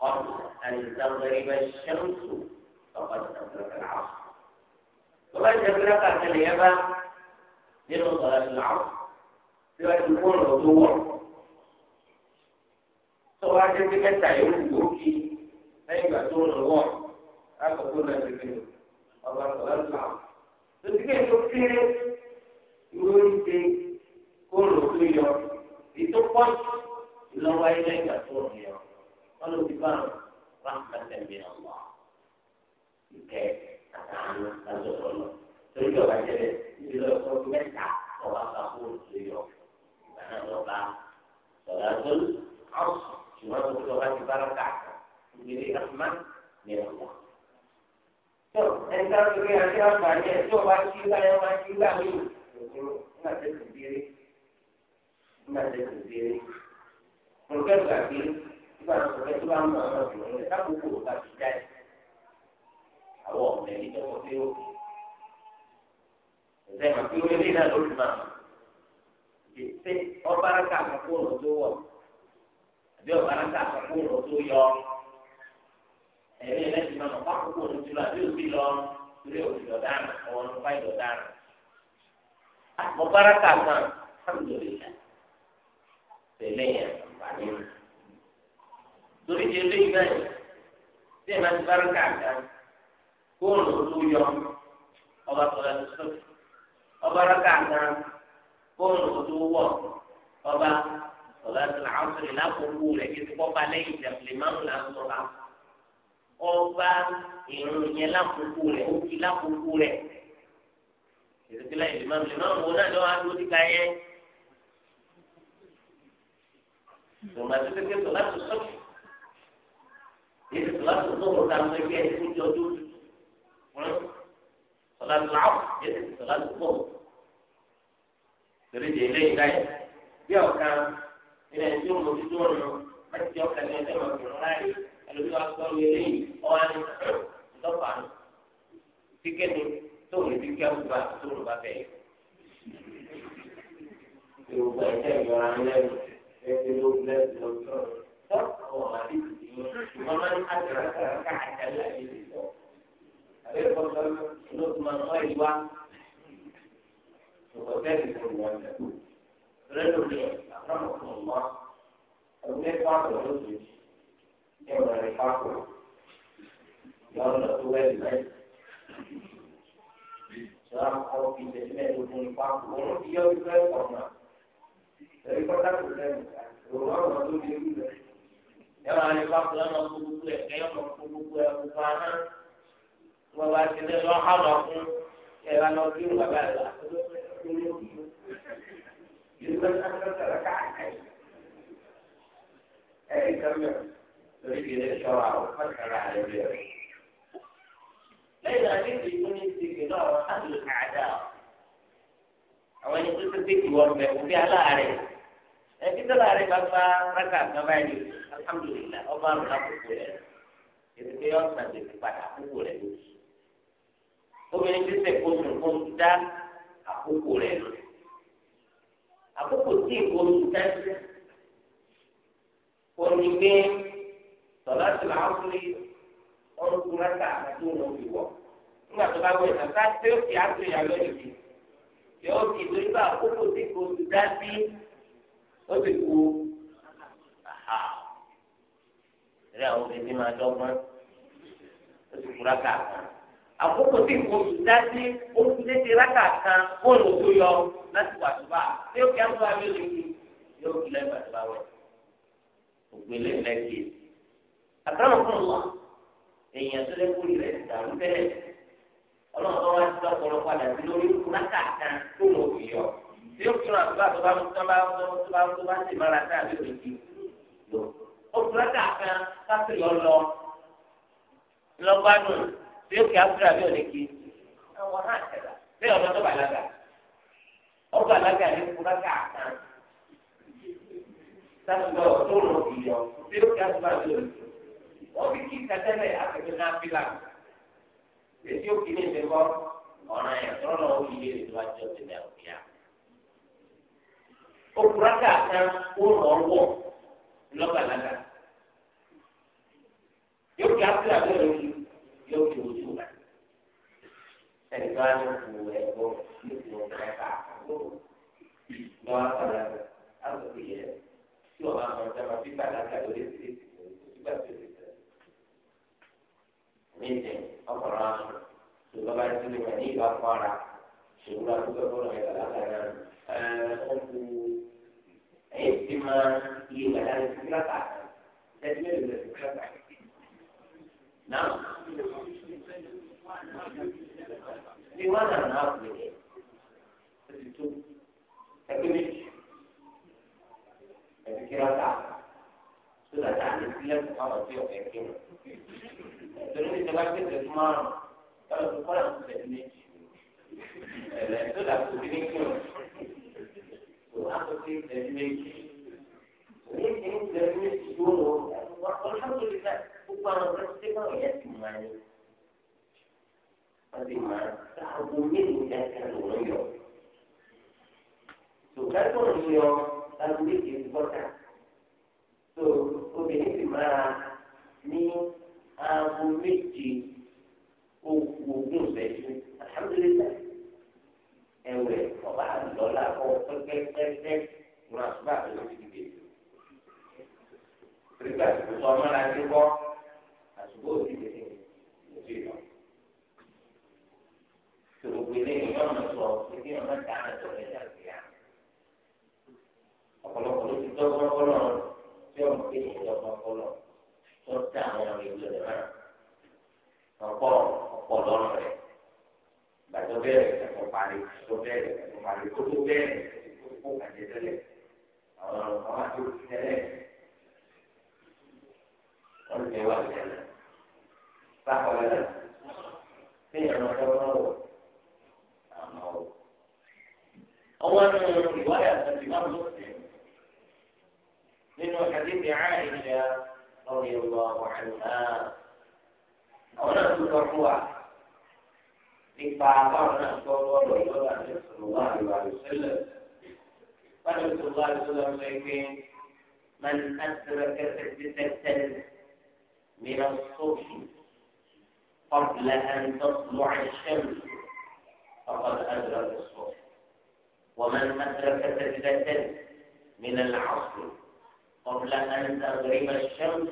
ọdún àìsàmùlẹ́rì bá ṣẹ́wùsù ọ̀pọ̀ àìsàmùlẹ́rì lọ. wọ́n bá ń jẹ́ pílọ́kà tẹ̀lé yẹn bá nínú sọ̀rọ̀ ìlànà tí wọ́n ti kóró lọ tó wọ̀. tó wá dé pé mẹ́ta yóò wù ó kí lẹ́yìn ìgbà tó rọ̀ wọ́n lákòókò náà ti kéde ọba sọ̀rọ̀ lọ́wọ́. lórí kí èso kéré ìwé ìṣe kó lò ó yọ ètò pọ́ńtù ìlọ́wọ́ ayé lẹ́yìn ìgbà tó rọ̀ yọ wọ́n ló ti bá wọn ráńpẹ́ tẹ̀lé ọ̀wọ́ ìkẹ́ àtàánú lásọ̀rọ̀ lọ. torí ìjọba jẹ́lẹ̀ ìdílé ọkọ̀ mẹ́ta ọba sàkóso yọ ìgbà náà lọ́ba sọ̀rọ̀ àtọ́lù ọ̀sùn ṣùgbọ́n tó tó wá ti bára ìdílé rahma ní ọ̀la. tó ẹni ká tó rí àti àǹfààní ẹ̀ tó wá sí báyọ̀ wá sí gbà mí nígbà tó ti déré nígbà tó ti déré. mo kẹ́ gbàgbé nígbà tó fẹ́ tó bá ń mọ àwọn ọ̀dùnrún rẹ̀ lákòókò ti jáde. àwọn ọ̀nà yìí tó wọ́n fi ó. ẹ̀sẹ̀ náà ló ti máa. ìdí sí ọ bára kà àkókò ọ̀dọ́ wọ̀. àbí ọba náà ká àkókò rò tó yọ ẹ̀rí ẹlẹ́sìn náà akwụkwọ àkókò rò tó lọ àbí òbí lọ lórí òbí dáná ọ̀wọ́n ló fà dáná. àpò báràkà kan alhamdulilá tẹ̀lé yẹn torí ti tí ọba tọ́lá ọba kan kóòlù ọba. صلاة العصر لا قبول إذ قبى ليس الإمام لا صلاة ọba ìrùn yẹn lákòókò rẹ̀ ó fi lákòókò rẹ̀ ìrètí láì lè máa lè máa wọ náà lọ́wọ́ àdúró nípa yẹn tòmá tó tẹ́tẹ́ tó láti sọ́ọ̀kì yìí tó láti sọ́ọ̀kì tá a mọ ẹgbẹ́ ẹni tó jọ dúró tọ́lá tó láwọ̀ yìí tó láti sọ́ọ̀kì torí di bí ọ̀kan ilẹ̀ tí ó mojú tó lọ láti jẹ́ ọ̀kẹ́ ní ẹgbẹ́ wọn kìlọ̀ láì ẹlòmí wa sọ wí lé ọ̀hán ní ìtọ́fà ní. Tíkẹ́ ni tó lè fi kẹ́ ọ̀gbà tó lọ bá bẹ̀ yìí. Yorùbá ẹ̀jẹ̀ ìyọra lẹ́nu ẹgbẹ́ ló lẹ́nu lọ́jọ́ tọ́kọ̀ àti ìdíyìn ṣùgbọ́n máa ń kájọra káàkiri àjálù àti ìdíyìn. Àbẹ̀rẹ̀ kọ́ńtà ló ti máa ń wá ìwá. Ọ̀pọ̀ رجل أكرمكم الله أبناء بعض الرجل يوم الرفاق يوم يقول أنا ركعتين أي كم رجل شرع وفكر على غيره ليس أكيد يكون استقرار أهل الأعداء أو أن يكون تبكي وربه وفي على عليه لكن لا أعرف أن ركعت كمان الحمد لله أو بارك الله ìdílé ọ̀sán lè fi padà àkókò rẹ̀ lóṣù. obìnrin tí sèkó sùn fún dá àkókò rẹ̀ lóṣù àkókò tí ìkòrò tẹ́sí omi gbé tọ́lá ti máa ń fi ọdún mẹ́ta àti òun òbí wọ̀ nígbà tó bá gbọ́dọ̀ ká tí ó fi àti ìyàwó ẹ̀ bí yóò fi lórí bá àkókò tí ìkòrò dá sí ó sì kú rẹ̀ àwọn obìnrin máa dọ́gbọ́n ó sì kúra káàkiri àkókò tí nǹkan oṣù dájú oṣù léde rákà kan bóòlù tó yọ láti wà tó bá tí ó kí á ń bá yóò léwu yóò kí lẹ́yìn bàtà bá wẹ̀ ògbélé lẹ́kì. àtàwọn fún wa èèyàn tó lẹ́kùn rẹ̀ dàrú bẹ́ẹ̀ ọlọ́run tó wá sí ọ̀pọ̀lọpọ̀ padà sí lórí rákà kan tó lọ fi yọ tí ó kí wọn àti bàtà bá tó bá tó bá tó bá sì máa ra sáà bí òjì lọ. oṣù rákà kan ká bí ó kí abúlé bí ó lè kí àwọn hàn tẹ̀lá bí ọmọ tó bàlágà ọ bàlágà ní kúrá káàkà sátúndọ̀ tó lọ ìyọ bí ó kí abúlé bí ó lè kí wọ́n fi kí sátẹ́lẹ̀ àtẹ̀tẹ̀ náà fi là èsì òkè ní ìdẹ́kọ́ ọ̀ràn yẹn tó lọ òye rẹ̀ lọ́wọ́ àti ọ̀tẹ̀lẹ̀ òkè à. òkúrá káàkà ó lọ wọ̀ lọ́bàlágà yóò kí abúlé bí ó lè kí yóò fi ojú rẹ̀. Ẹ̀ka ló fu ẹ̀kọ́ ló fu ẹ̀ka àkókò. Lọ àkàrà àkókò yẹ tí wọ́n máa kọjá máa fi kàlà kàlò lé sí ìgbà tó lè tẹ̀. Níjẹ̀ ọkùnrin aṣọ ṣùgbọ́n bá ti lè wà ní ìlú afọ́ra ṣùgbọ́n àdúgbò fọ́nà ẹ̀ka látara ó fu ẹ̀yìn tí máa yí ìgbà láti fi kíláàtà ẹ̀dí mẹ́rin lè náà bí wọn nà náà pè é ti tó ẹgbẹ́ méjì ẹbí kí wọn kà tó dàda àti sílẹ̀ fún àwọn tí ọbẹ kí wọn torí ní ìjọba gbèsè tó máa rùn yàrá tó kọ́ làwọn tẹ̀lé méjì ẹ̀lẹ́ tó dàda tó dín kí wọn tó àtọ́ sí tẹ̀lé méjì òní kì í tẹ̀lé méjì tó lọ wọn kọ́ lọ́dún gbogbo àwọn ọ̀rọ̀ ṣe báwọn yẹn ti máa ní. wọ́n ti máa aago mélòó ní ẹ̀ka lòún yọ. tòkà tó ń yọ aago méje ti bọ́ta. tó obìnrin ti máa ní aago méje ogún ìṣẹ́jú alhamdulilayi ẹ̀wẹ̀ ọba àdọ́là kọ́ pẹ́pẹ́pẹ́pẹ́ ìwọ̀n àtúbà tó ló ti dìde. Rígbà tó sọ ọmọ la ti kọ́ bó o ní o ti lọ. Gbogbo eléyìí yóò mọ̀ sọ ebi ọ̀nà dáná tó lè dà sí ya. Ọ̀pọ̀lọpọ̀ ló ti dọ́gbọ́n kọ́lọ̀ tí ọ̀n pé ní dọ́gbọ́n kọ́lọ̀ tó ń tẹ àwọn ọmọ ìlú rẹ̀ náà. Ọ̀pọ̀ ọ̀pọ̀ lọ́rùn rẹ̀. Gbàtọ́ bẹ́ẹ̀rẹ̀ ẹ̀kọ́ parí, tó bẹ́ẹ̀rẹ̀ ẹ̀kọ́ parí, tó tó bẹ́ẹ̀rẹ̀ ẹ̀kọ́ kó kàjẹ́ tẹ́lẹ̀. Àwọn ọ̀rọ̀ أولا رواية الإمام مسلم من حديث عائشة رضي الله عنها أولا تذكر هو صلى الله عليه وسلم قال صلى الله عليه وسلم من أدرك سجدة من الصبح قبل أن تطلع الشمس فقد أدرك الصبح ومن أدرك سجدة من العصر قبل أن تغرب الشمس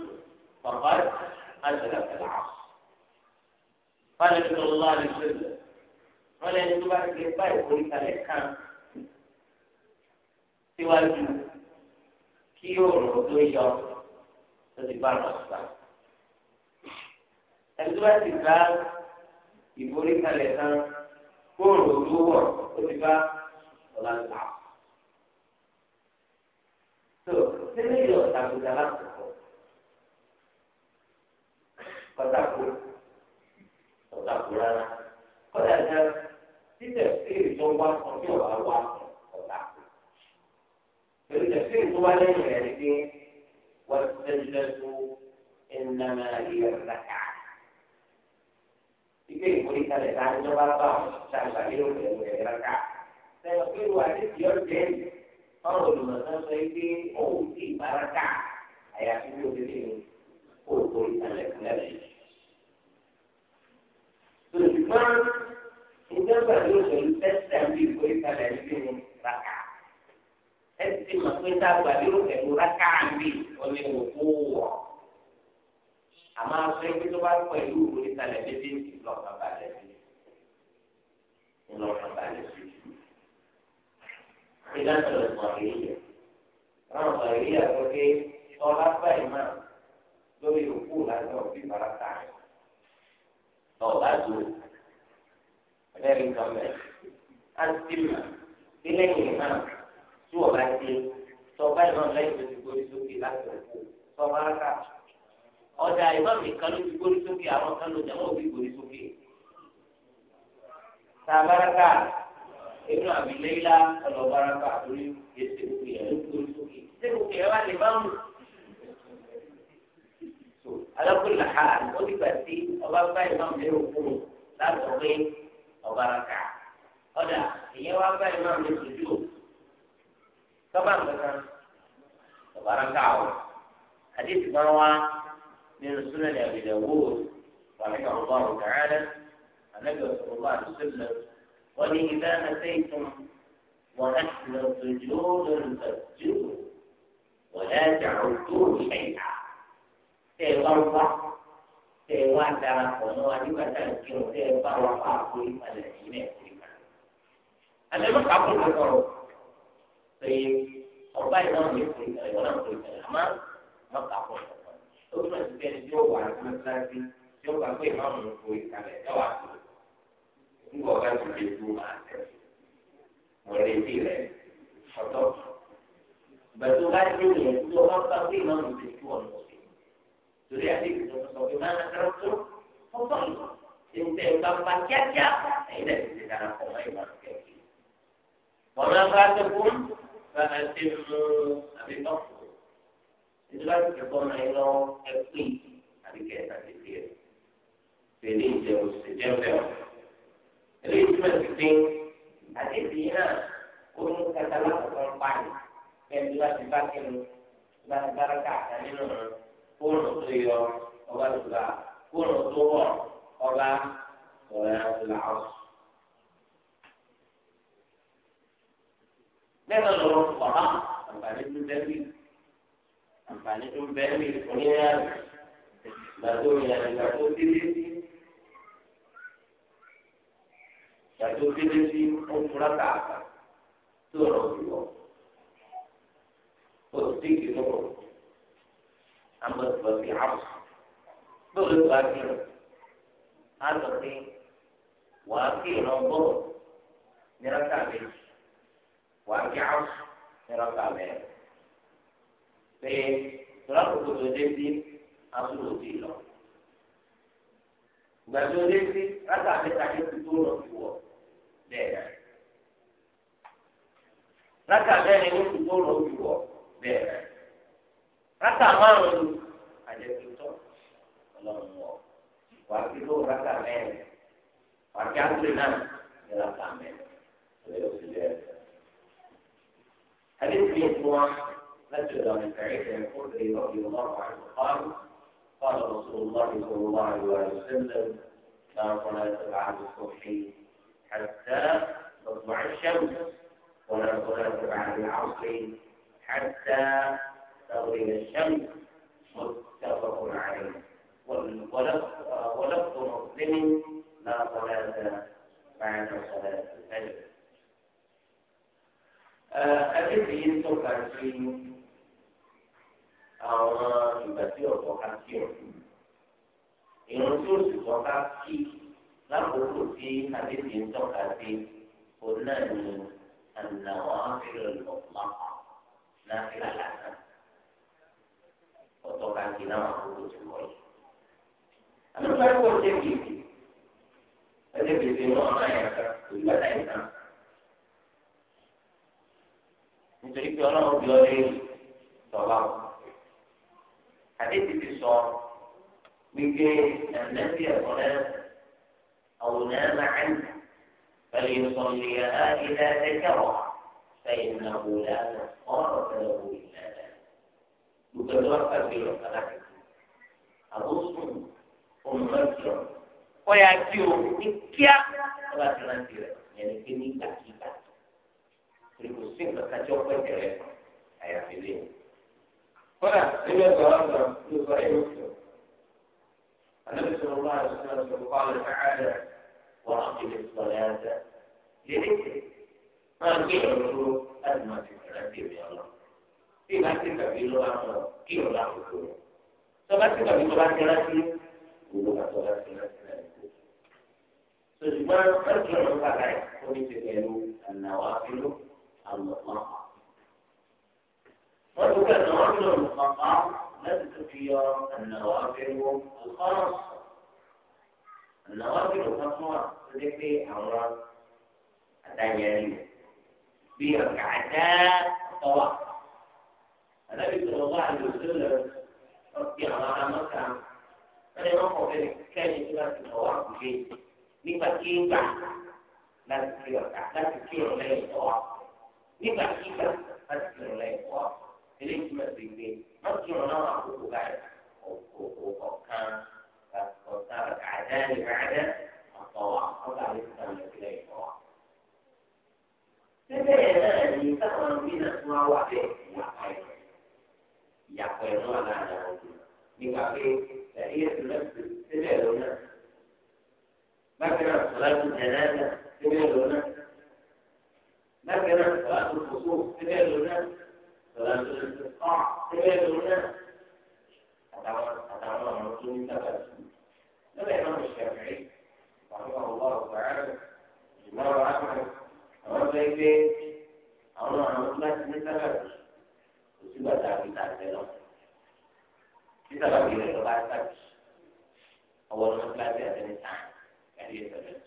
فقد أدرك العصر قال صلى الله عليه وسلم قال إن تبعك الله يقول لك سوى الجنة كيورو دويشو تدبار مصطفى ẹni tó bá ti bá ìborí kalẹ̀ tán kóòrò olówó ó ti bá ọ̀la gbà. tó sílẹ̀ yọ ọ̀tàkùnjà lásìkò ọ̀tàkù ọ̀tàkù rárá kọ́dà jẹ́ títẹ̀ sí ìjọ wá ọjọ́ wa wá ọ̀tàkù. pẹ̀lú tẹ̀sí ìjọ wá lẹ́yìn rẹ̀ ni pé wọ́n ti tẹ́jú lẹ́sùn إنما هي الركعة ilé ìforíkalẹ̀ tá a ní lọ́wọ́ bá ṣàgbà nínú ìlú rẹ̀ lọ́ka. Sẹ́yìn pé wà ní ti ọ̀jẹ̀ ọ̀rọ̀ olùmọ̀sán sọ pé òun ti ìbáraka àyàfi bí obìnrin ni kó ìforíkalẹ̀ kúlẹ̀. Ṣùgbọ́n ìjọba yóò pẹ̀lú tẹ́sítà bí ìforíkalẹ̀ níbi ni raka. Ẹ ti mọ̀ pé tá a gbà nínú ìlú raka àbí oníwòkúwọ̀ àmọ́ aṣọ ẹgbẹ́ tó bá pẹ̀lú òwe kalẹ̀ débi ìlọ́ọ̀kan balẹ̀ sí ìlọ́ọ̀kan balẹ̀ sí. ìdájọ́ ìmọ̀ èyíyẹ ráwọn ọ̀sán èyíyẹ sọ pé ọlá báyìí máa lórí òkú láti ọ̀bí barata ọ̀bá tó ẹlẹ́rìí kan bẹ̀ á ti mà bí lẹ́yìn náà tí ọ̀bá ti tọ́ báyìí náà lẹ́yìn tó ti gbórí sókè láti òkú tọ́ barata ọjà ìmọ̀mì kan ló ti gbórí sókè àwọn kan ló jẹ́wọ́ òbí gbórí sókè. tá a báraka inú àmì léyìlá ọ̀nà báraka àtúrí yẹsẹ̀ òkè ẹ̀ ló gbórí sókè. ṣé òkè ẹ wá lè bá mú? alákùnrin làhà ó dìgbà tí ọba bá ìmọ̀mì lérò fún láti ọ̀gbẹ́ ọ̀báraka. ọ̀dà ìyẹn wá bá ìmọ̀mì lójú tọ́ba nǹkan ọ̀báraka ọ̀ àdéhùn máa من سنن أبي داود رحمه الله تعالى النبي صلى الله عليه وسلم ولإذا أتيتم ونحن سجود فاسجدوا ولا تعدوا شيئا تيغرفة تيوان دارك ونوالي في غرفة في الذين يكرمون أنا ما قبل الغرب في أربعين يوم يكرمون ولم يكرمون ما قبل ó túmọ̀ sí pé yóò wà lọ́sàájú yóò gbà pé ìmọ̀ àwọn òkú ìkàlẹ̀ yóò wà tó nígbà ọ̀gá tó lè bu àtẹ̀ mọ̀lẹ́bí rẹ̀ ọ̀tọ̀. bẹ̀tú bá dé yẹn tí ó bá gbà pé ìmọ̀ àwọn òkú ìkú ọ̀nà torí àti ìdí tó sọ pé máa ń tẹ́lẹ̀ tó ọ̀tọ̀ ìgbẹ́ ìgbàgbà kíákíá ẹ̀yìn lẹ́sìn ti dára pọ̀ mọ́ ìmọ̀ àti kẹ̀kẹ́. máa ń bá tẹ̀kún bá ti mú títí láti kẹ́kọ̀ọ́ náà yín lọ́wọ́ ẹ pè àbí kẹta ti fi ẹ̀. Fèlè ìjẹun sì jẹ́ bẹ́ẹ̀ o. Ilé ìtumọ̀ ti pín àdébì náà ó ní kẹta lákòókò ń pa ní kẹ́ni láti bá kẹ́nu láti bára káàkà nínú fóònù tó yọ ọba lùgbà fóònù tó wọ̀ ọba ọ̀rẹ́ làwọn. Bẹ́ẹ̀ náà lọ́wọ́ kọ̀ọ̀kan àgbàdo tó dẹ́bí àǹfààní tó ń bẹ ní ìpínlẹ̀ gbàgbó ìyàrá gbàgbó délé sí gbàgbó délé sí ó fura ká tó rọ̀ jùlọ ó sì kì í lọ àmọ́ ìgbà sí àwọn bóòlù wàá á lọ sí wàá kí lọ bọ́ọ̀lù ní rákà méjì wàá kí àwọn ní rákà pé tọ́lá kòkò tó dé sí àbúrò sí lọ. ìgbà tó dé sí látà mẹ́ta ní tuntun lọ sí wọ bẹ́ẹ̀ náà. látà mẹ́rin ní tuntun lọ sí wọ bẹ́ẹ̀ náà. látà márùn-ún àjẹsítọ́ ọlọ́run wọ̀ wàá fi lóò látà mẹ́rin wàá kí á pè náà ní látà mẹ́rin. Hadithi ni kuwa نجد من سعيد الخدري رضي الله عنه قال قال رسول الله صلى الله عليه وسلم لا صلاة بعد الصبح حتى تطلع الشمس ولا صلاة بعد العصر حتى تغرب الشمس متفق عليه ولفظ مسلم لا صلاة بعد صلاة الفجر. الذي يذكر في àwọn ìgbà tí ọ̀tọ̀ ká sí ọ̀tún. Ìrùn tí ó sì sọ ká sí lákòókò tí àbíbi ń tọ́ka sí òun náà ni ànàwọ̀ áfíríà lọ́pọ̀ náà fi là lásán. Ọ̀tọ̀ ká sí náà àkókò tó wọ̀ yìí. Àlùfáà ń kọ́ ṣe kìkì. Ẹ̀jẹ̀ bèbè ní ọ̀nà ẹ̀ka ìgbà náà ẹ̀ka. Nítorí pé ọlọ́run bí ọ lé tọ́lá wọn. حديث في الصور بيجي النبي صلاة أو نام عنها فليصليها إذا ذكرها فإنه لا كفارة له إلا ذلك متوفى في صلاته أغصن أمتر ويأتيه إكيا صلاة نسيرة يعني كني تحكي تحكي في القصة تحكي وقت أيها الفيديو kódà ilé ẹgbẹ́ ọ̀dọ̀ ló sọ èyí òkè àlejò sọ̀rọ̀ máa ń sọ̀rọ̀ sọ̀rọ̀ kọ́ àwọn ìfẹ́ wọ́n á kéde sọ̀rọ̀ yẹn tẹ̀ yìí máa ń gbé ọ̀rọ̀ láti máa ti kẹ̀rẹ́ bí èmi ọ̀nà bí ìgbà tí kàbí ló wà mọ̀ kí ò lá kókó rẹ̀ tọ́ba tí kàbí ló bá kẹ́rẹ́ sí gbogbo àtọ́ láti láti náà ní kókó. sọ̀rọ̀ ìgbà ọ̀rọ̀ kàkà برضو كان الرجل المقطع لازم الخيار النوافل الخاصة النوافل الخاصة تدفي أمراض الثانية بركعتا الطواف النبي صلى الله عليه وسلم رضي الله عنه كان أنا ما قلت كان في الطواف بشيء nígbà tí ń gbà láti fi ọ̀tà láti fi ọ̀lẹ́ ẹ̀kọ́ nígbà tí ń gbà eléyìí ti gbé mọ́tìrì náà àkókò báyìí ọ̀kan ọ̀kan àdá ìrádá àtọ̀wà ọ̀gá àlejò àmì ìpínlẹ̀ ìfọ̀wà. Síbẹ̀ náà ni táwọn mìíràn tún á wà bẹ́ẹ̀ ìyàpá ẹ̀rọ. Ìyàpá ẹ̀rọ wà láàárín àwọn òbí. Nígbà pé ẹ̀yẹ́ ti lọ́sí síbẹ̀ lọ́nà. Bákan náà sọ̀rọ̀ ti tẹ̀lé náà síbẹ̀ lọ́nà. Bákan náà sọ̀rọ̀ ti fòfó síbẹ̀ lọ́nà. صلاة الاستسقاء تبادلنا أتعلم عن رسول تبادل لما الإمام الشافعي رحمه الله تعالى إمام أحمد أمام بيبي أمام عمود لا تنتبه وسيبا تعبي تعبي kita bagi mereka bahasa awal mempelajari ada nisan dari itu.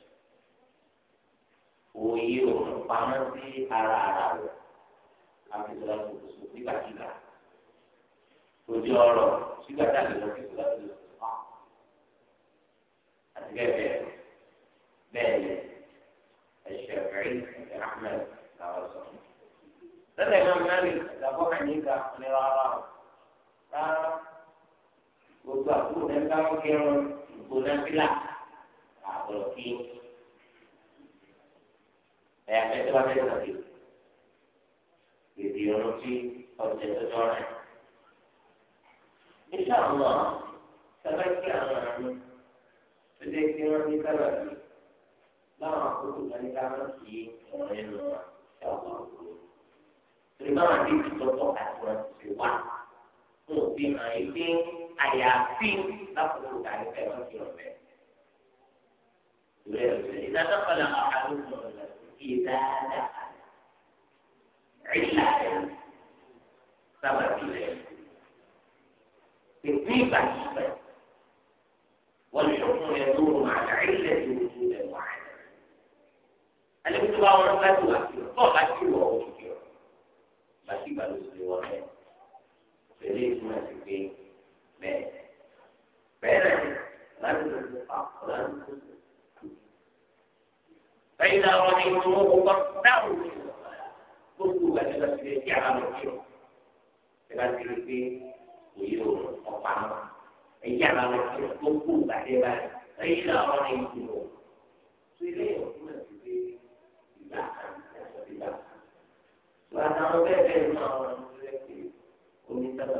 Uyu panas di arah arah àti sọlá tó lọ sọ nígbàkigbà òdi ọ̀rọ̀ sígbà tá a lè lọ sí sọlá tó lọ sọ àti bẹ́ẹ̀ bẹ́ẹ̀ bẹ́ẹ̀ ni ẹ̀ṣẹ̀ rẹ̀ ẹ̀ṣẹ̀ ahmed làwọn sọ. lọ́dọ̀ ẹ̀ma mẹ́rin ìdàbọ̀ àyíká ní rárá o rárá gbogbo àbúrò náà bá wọn kẹrun ìgbóná fílà àbọ̀rọ̀ kí ẹ̀yà mẹ́tẹ́wá mẹ́tẹ́wá kìí èdè ọ̀rọ̀ tí ọ̀jẹ̀ tọ́jọ́ rẹ̀. nígbà wọn sábà kí àwọn àmì tó jẹ́ kí wọ́n ní sábà sí láwọn àkókò kan ní ká má sí ọ̀rọ̀ ẹnu wọn ṣe àwọn àkókò. torí báwọn àti ìtọ́tọ̀ àti wọn ti wá fún òfin hàn yìí pé àyàfi lákòókò kan ní ká má sí ọ̀rọ̀ ìdájọ́ kan náà àdúgbò ìdáadáa ìlà rẹ̀ sábàbí rẹ̀ ìpín ìgbàgbọ́ wọ́n lè fún ẹ tó rò máa dà ilẹ̀ tó rò tó lẹ̀ wá. Àlejò tó bá wọn láti wà sí ọ̀ bá ti wọ̀ ọ́ òkè ọ̀ bá ti gbà lóṣù tó wọ́n mẹ́. Bẹ̀rẹ̀ ìtumọ̀ sí pé mẹ́ẹ̀. Bẹ́ẹ̀rẹ̀ láti lọ sí àkùrọ̀ àti kòtò. Bẹ́ẹ̀ni àwọn ọmọ ìgbìmọ̀ ọkọ̀ dáhùn gbogbo ìgbàdí lọ sí ẹbí ara lọ sí ọ ẹ bá ti rí pé kò yí o ọ̀pá mọ́ ẹbí ara lọ sí ọ gbogbo ìgbàdí bá rẹ ẹyí là ọ ní ìlú o tó ilé ìwọ̀n náà ti rí ìgbà kan ẹ̀sọ́ ìgbà kan tó àtàwọn bẹ́ẹ̀ bẹ́ẹ̀ náà wọn ń rẹ́ pé omi sábà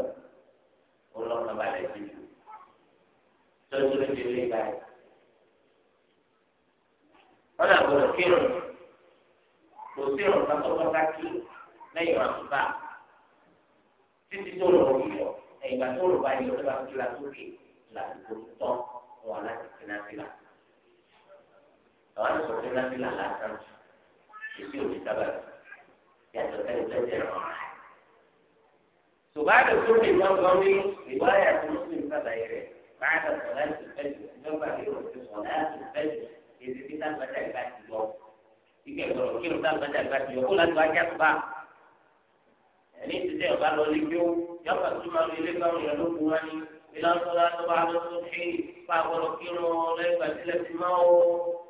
ọlọ́run balẹ̀ jù tọ́jú lójú ilé ìgbà yìí. wọ́n náà gbọ́dọ̀ kírun kò sí ọ̀rọ̀ pátápátá kí lẹ́yìn àtúbà títí tó lọ́wọ́ yíyọ ẹ̀yìn àti ọ̀rọ̀ bá yíyọ lọ́wọ́ kí la sókè làdúgbò tọ́ wọn láti fi náà fi là. àwọn àti sọ̀rọ̀ náà fi là lásán èsì òbí sábà yàtọ̀ sẹ́ni tẹ́tẹ́ rẹ̀ wọ́n rà. سبحان كل المنظر رواية مسلم فبيره بعد صلاة الفجر ثم يوم صلاة الفجر إذا كان بدأ بعد اليوم ìgbẹ́ ìgbọ̀rọ̀ kí ló dá gbàdá gbà tì yọkó láti wá já tó bá ẹni tí tẹ ọba lọ lé yó yọkọ tó máa lọ ilé báwọn yọ lóko wá ní ìlànà tó bá lọ tó fi fa àgbọrọ kí ló lẹgbà sílẹ̀ sí máa ó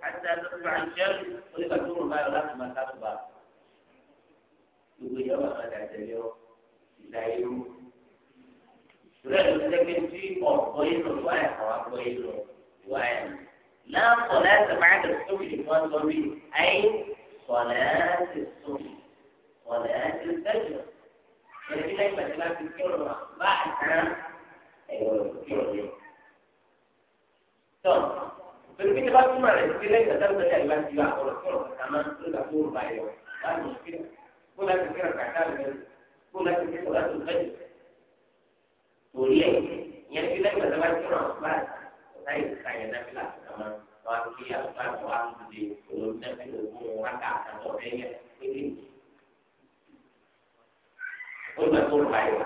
àti àtúntò àjẹrù onígbà tó rò báyọ láti máa ká tó bá gbogbo ìyàwó àgbàdà tẹ́lẹ̀ ọ ìlà irú rẹ ló ti dẹ́gbẹ́ sí ọ̀pọ̀ inú wáyà wáyà لا صلاة بعد الصبح إخوان أي صلاة الصبح صلاة الفجر لكن دايما تلاقي تذكر بعد أيوه تذكر طب فالمين بقى تسمع الاسئله اذا تم تقريبا في بقى ورسول كمان ترجع تقول بقى ايوه بقى المشكله كل هذه الفكره بتاعتها كل هذه الفكره بتاعتها الفجر تقول يعني كده يبقى زمان كده بعد láì ka yẹn náà fìlà kama wà á kí àgbà wà á dìde òun náà fi lò mú wọn ká àtàtọ̀ bẹ́ẹ̀ yẹn kéde. ó gbà tó ra yìí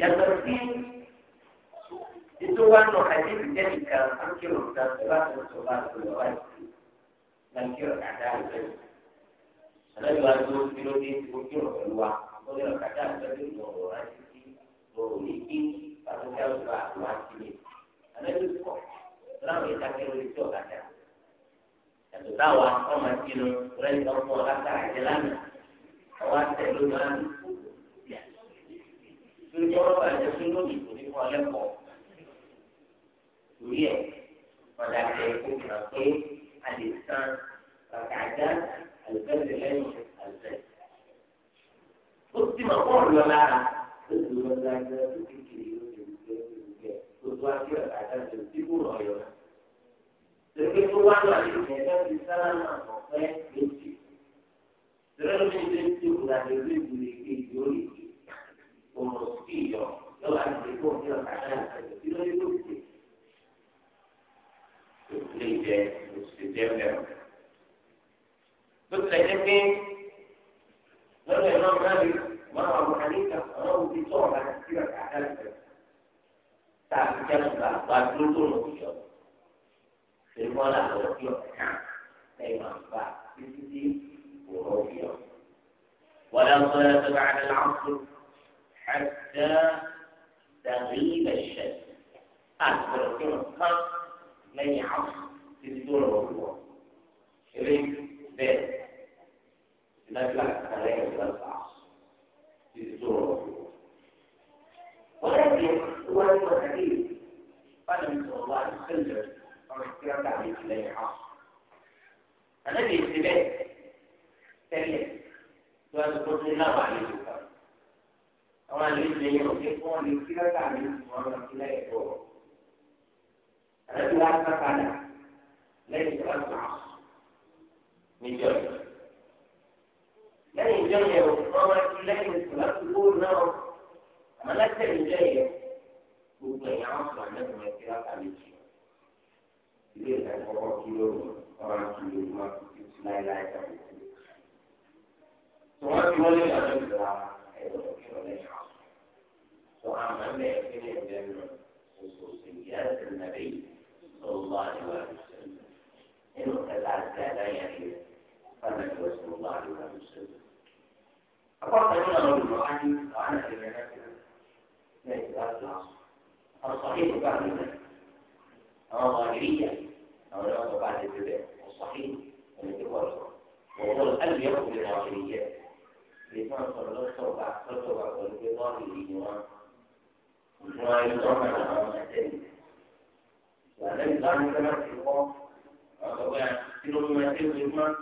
yàtọ̀ sí ètò wa nọ àdébì tẹ́lẹ̀ kan akéwòn kan tó bá tó tó bá tó lọ wáyé lànkéwò kàdá àgbẹ̀ àlejò wa tó fi lóde tó kéwòn pẹ̀lú wa ó lè kàdá àgbẹ̀ tó lọ wọ́n rántí sí lórí kí pàtó kẹ́wọ́n tó àgbà wá sílẹ̀ àlejò pọ̀ láwọn ìdákẹ́ orí tí ọ̀gá dá. Yàtọ̀ táwa ọmọ ìkíni rẹ̀ ń tọ́kọ látara ìjẹ lánàá. Ọwọ́ àtẹ ló máa ń torí ọ̀rọ̀ bàjẹ́ tó lómi kò ní kọ́ lẹ́kọ̀ọ́. Torí ẹ̀ padà jẹ́ kó kà pé a lè san bàtà àjá àlùfẹ́sẹ̀ lẹ́yìn àlùfẹ́. Ó ti mọ̀ fọ́ọ̀lù ọ̀la ó gbogbo àti ọ̀gá àtàjọ tí kò rọ̀ yọ̀ tó wá lọ àti ìgbẹ́jọ́ ti sára náà kọ̀ pẹ́ lóṣù. Tẹ̀lé ló ṣe ti ìwúra ní orí ìwúre kejì orí ìwé. Òmò sí ìyọ̀ lọ́wọ́ àti ìgbẹ́jọ́ ti ọ̀gá àtàjọ tí lórí lóṣù. Lè jẹ oṣù jẹ́ mẹ́rin. Ló ti pé lọ́dọ̀ ìlànà mẹ́rin, wọ́n àwọn àlejò àwọn òbí tó ọ̀gá àti ìgbẹ́jọ́ tá a fi jẹ́ bàbá àgbà dúró tó lọ yọ. Èèmọ́ làwọn yọ lẹ́yìn àgbà títí tí òrò yọ. Wọ́n á sọ ẹ́ sọ́dọ̀ àdé láǹfù àdá dàrí ilẹ̀ ṣẹ̀. Àgbọ̀dọ̀ kí wọ́n kán lẹ́yìn àfù títí tó lọ wọ̀. Eré bẹ́ẹ̀ ìdájọ́ àkàrà ẹ̀ lọ́sàá títí tó lọ wọ̀. ولكن هو الحديث قال النبي صلى الله عليه وسلم اختيار بعد اليه عاصم الذي اتباع تلك سؤال الرسول الله عليه وسلم àwọn àlejò yẹn ò ní fún ọ ní kí lọ́tà mi ní wọn lọ sí lẹ́yìn tó. Àlejò wa ń kápá ní الصحيح بعد ذلك أو ظاهرية أو لا بعد ذلك الصحيح الذي هو وهو الأليق للظاهرية لما صلى الصبع فصبع والبظاهرية وما يضمن على مثل وأنا لا متمسك أو كيلو مماثل الإمام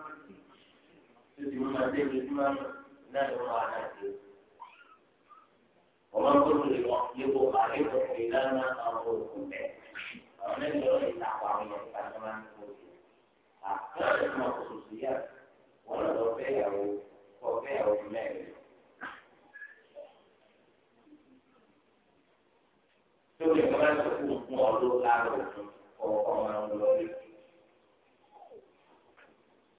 تدي مماثل الإمام لا يرضى عن هذه وما كنت لأخبره عليكم إلا ما أمركم به فمن يرى التعبير فكما أحكام الخصوصيات ولا توفيه توفيه المال tóbi kama tó kú fún ọdún lára òfin ọkọ máa ń lọ rí.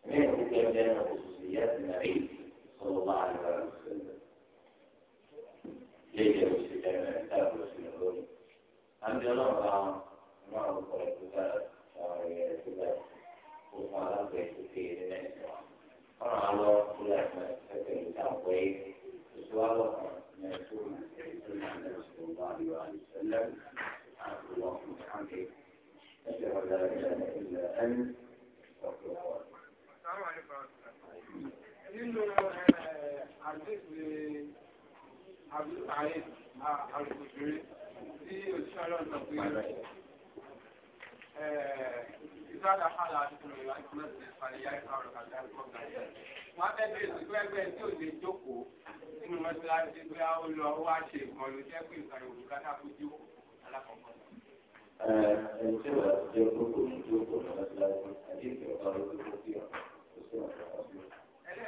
Ní ìdíje ẹgbẹ́ náà kò sì yẹ ti nàrí ìsọ̀rọ̀ bá a lọ rí léde òsì lẹ́nu ẹ̀dá òsì lórí. àbí ọlọ́run àwọn ọmọ àwọn ọkọ rẹ̀ tó dára àwọn ẹ̀yẹ rẹ̀ tó dára kó fún aláǹgbẹ̀ tó kéye ní nàìjíríà. ọ̀ràn alọ́ kúlẹ̀ ẹ̀fọn ẹ̀fẹ̀ ìta ọ̀pọ̀ yìí oṣù alọ́kàn ní ẹ̀tọ́ ìṣẹ̀lẹ̀ ìṣẹ̀lẹ̀ ìṣẹ̀lẹ̀ ìṣẹ̀lẹ̀ Nínú eh, eh, àbí àrùkùsùrí tí òṣìṣẹ́ ọlọ́run sọ pé ìsáàdà hàlà àti ìrìn ìwà ìpínlẹ̀ ìfàlẹ́yà ìfàrọ̀ kàdá ìfọ̀gà. wọ́n á fẹ́ bẹ̀rẹ̀ sí pé ẹgbẹ́ tí ò lè jókòó nínú mọ́tíláṣí pé a ó lọ wá ṣe nǹkan ló jẹ́ pé ìsàrò òkúta kó jókòó alákọ̀ọ́kọ́. ẹni tí wàá jẹ́ kókó ní jókòó lọ́wọ́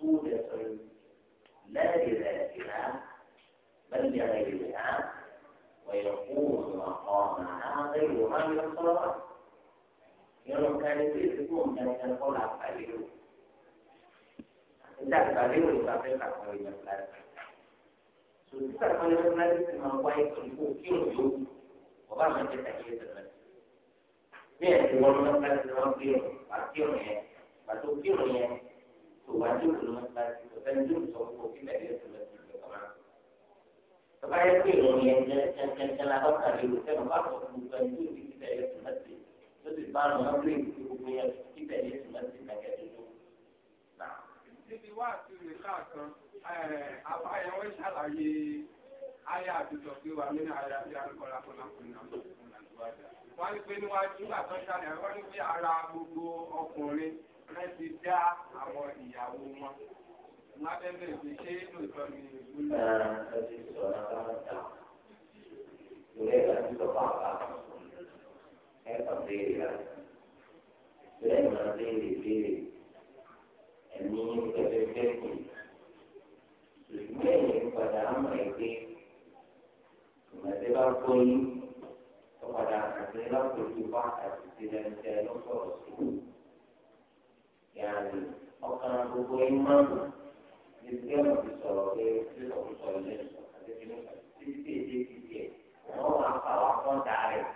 مقصودة لا لذاتها بل لغيرها ويقوم مقامها غيرها من الصلوات يوم كان يكون كان يقول أفعله Tidak balik sampai tak boleh berlalu. Sudah tak boleh berlalu dengan baik untuk kiri. Orang macam tak kira terlalu. Ini yang dibuat dengan kiri, kiri, kiri, kiri, tó wá ní òun lọ sílá sí ọ̀sẹ̀ ní òun sọ fún òfin ẹ̀yẹ tó lọ sí ìgbà kan. Bàbá yẹn pé ìròyìn ẹ̀jẹ̀ kẹ́kẹ́kẹ́ la bá kàlẹ́ ìlú sẹ́nu bá sọ fún gbogbo ẹni tó ti kíta ẹ̀yẹ tó lọ sí ló ti bá àwọn ọmọdé ìlú gbogbo yẹn kíta ẹ̀yẹ tó lọ sí kàkẹ́ tó tó. Níbi wá àti ìwé káàkan, eh, àbáyọ̀ wọ́n ṣàlàyé ayé àtúntò pé wà nínú ayé àti àlùkọ́lá fọlákùnrin náà. Wọ́n ní pé níwájú àtọ́ṣálẹ̀ wọ́n ní pé ara gbogbo ọkùnrin wọ́n ti dá àwọn ìyàwó wọn. Lábẹ́bẹ̀ ti ṣe é lóòótọ́ ni ìlú. Ẹ ti sọ ọ́nà ìwé ìlànà tó bá wà ẹ kàn béèrè rà. Bẹ́ẹ̀ máa béèrè béèrè ẹ̀mí ẹgbẹ́gbẹ́ kù. Bẹ́ẹ̀ ni padà á mọ̀ ẹgbẹ́. Ìmọ̀lẹ́ bá gbóyún. Ó padà àti lápò ìdúpá àti ìdílé ẹni tẹ́ lọ́sọ̀rọ̀ sí i. يعني أقرأ بقول إمام يتكلم في الصلاة في الصلاة وهو أقرأ وأقرأ تعرف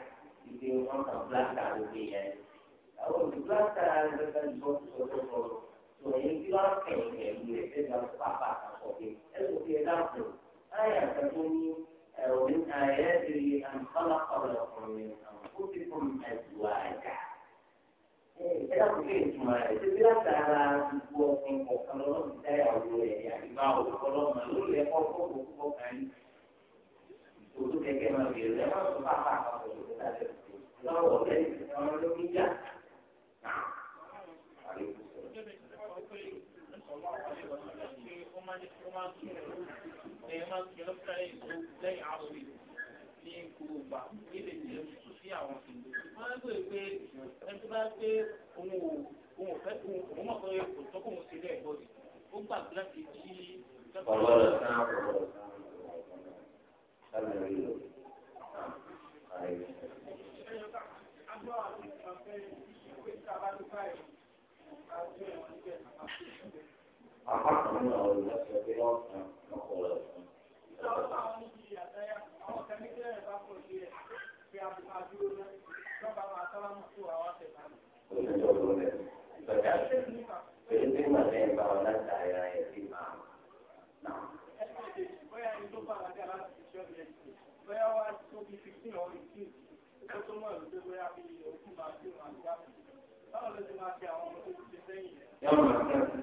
يمكن أن تبلغ تعلمية أو تبلغ تعلم بس بس بس so èyí tí wọn kẹyìn pẹ̀lú rẹ ṣe gba pápá àkọsí ẹsùn fi ẹ̀dá fún ayé àtẹkùn ní ẹrọ ní ayé ẹsẹ yìí àǹkọlà kọlà ọkùnrin àǹkóṣe fún ẹdùn àjà ẹ̀dá kò sí àwọn wọ́n á gbé pé ẹni tó bá gbé ohun òun ò fẹ́ òun mọ̀ pé kò tọ́kùn òun sí ilé ẹ̀gbọ́n ó gbà láti jí. ọ̀rọ̀ rẹ̀ sáà ọ̀rọ̀ rẹ̀ sáà ọ̀rọ̀ rẹ̀ أحق من أول نفسك بلغة نقول لكم. Yọ́n máa ń tẹ́tí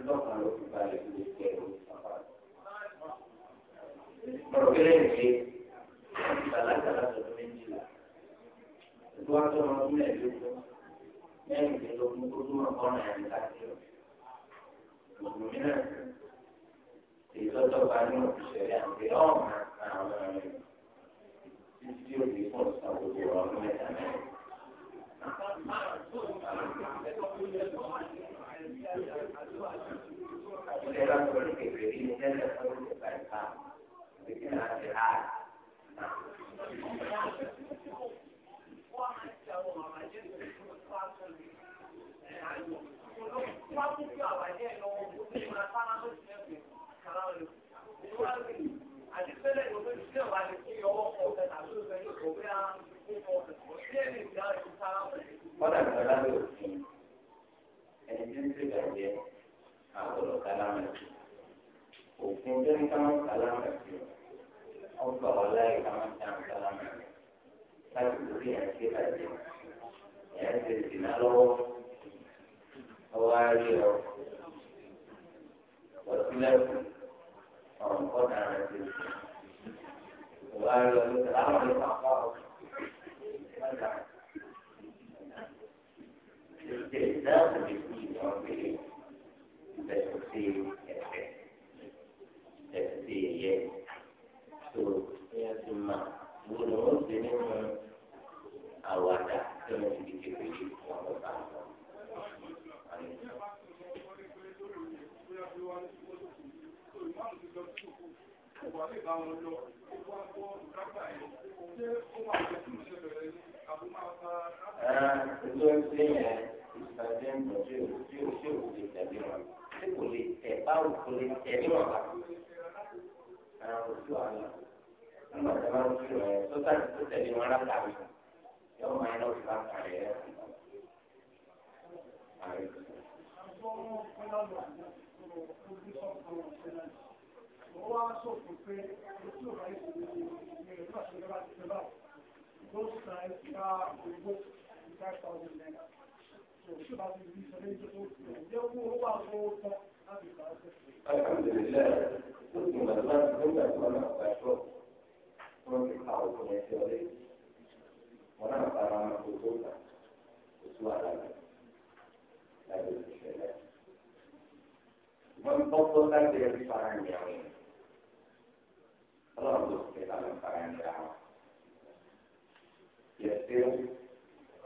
lọ́kàn ló fi balẹ̀ kí lè jẹ́ ìlú ìsàpá. Mọ̀rọ̀ kí lè ṣe ìgbàlagbà látọ̀dọ̀ tó wá tó ọmọ ọdún mẹ́ẹ̀ẹ́dógún mẹ́rìndínlógún tó tó máa kọ́nà ẹ̀mí láti ọ̀. Mùsùlùmí náà èyí lọ́jọ́ bá ní òṣìṣẹ́ yá. kalam kalam alhamdulilayi ó sì máa máa nígbà tí wọn náà gbàgbọ́ wọn ti ka òkú yẹn sí ọlẹ wọn náà fara wọn kó tó kà kó tó àlàyé láti ìṣẹ̀lẹ̀ wọn tọ́kọ láti ẹbí fara ń yàwó ọlọ́run ló ti lànà fara ń yàwó yẹ sí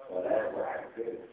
wọn láyé wọn àti bẹ́ẹ̀.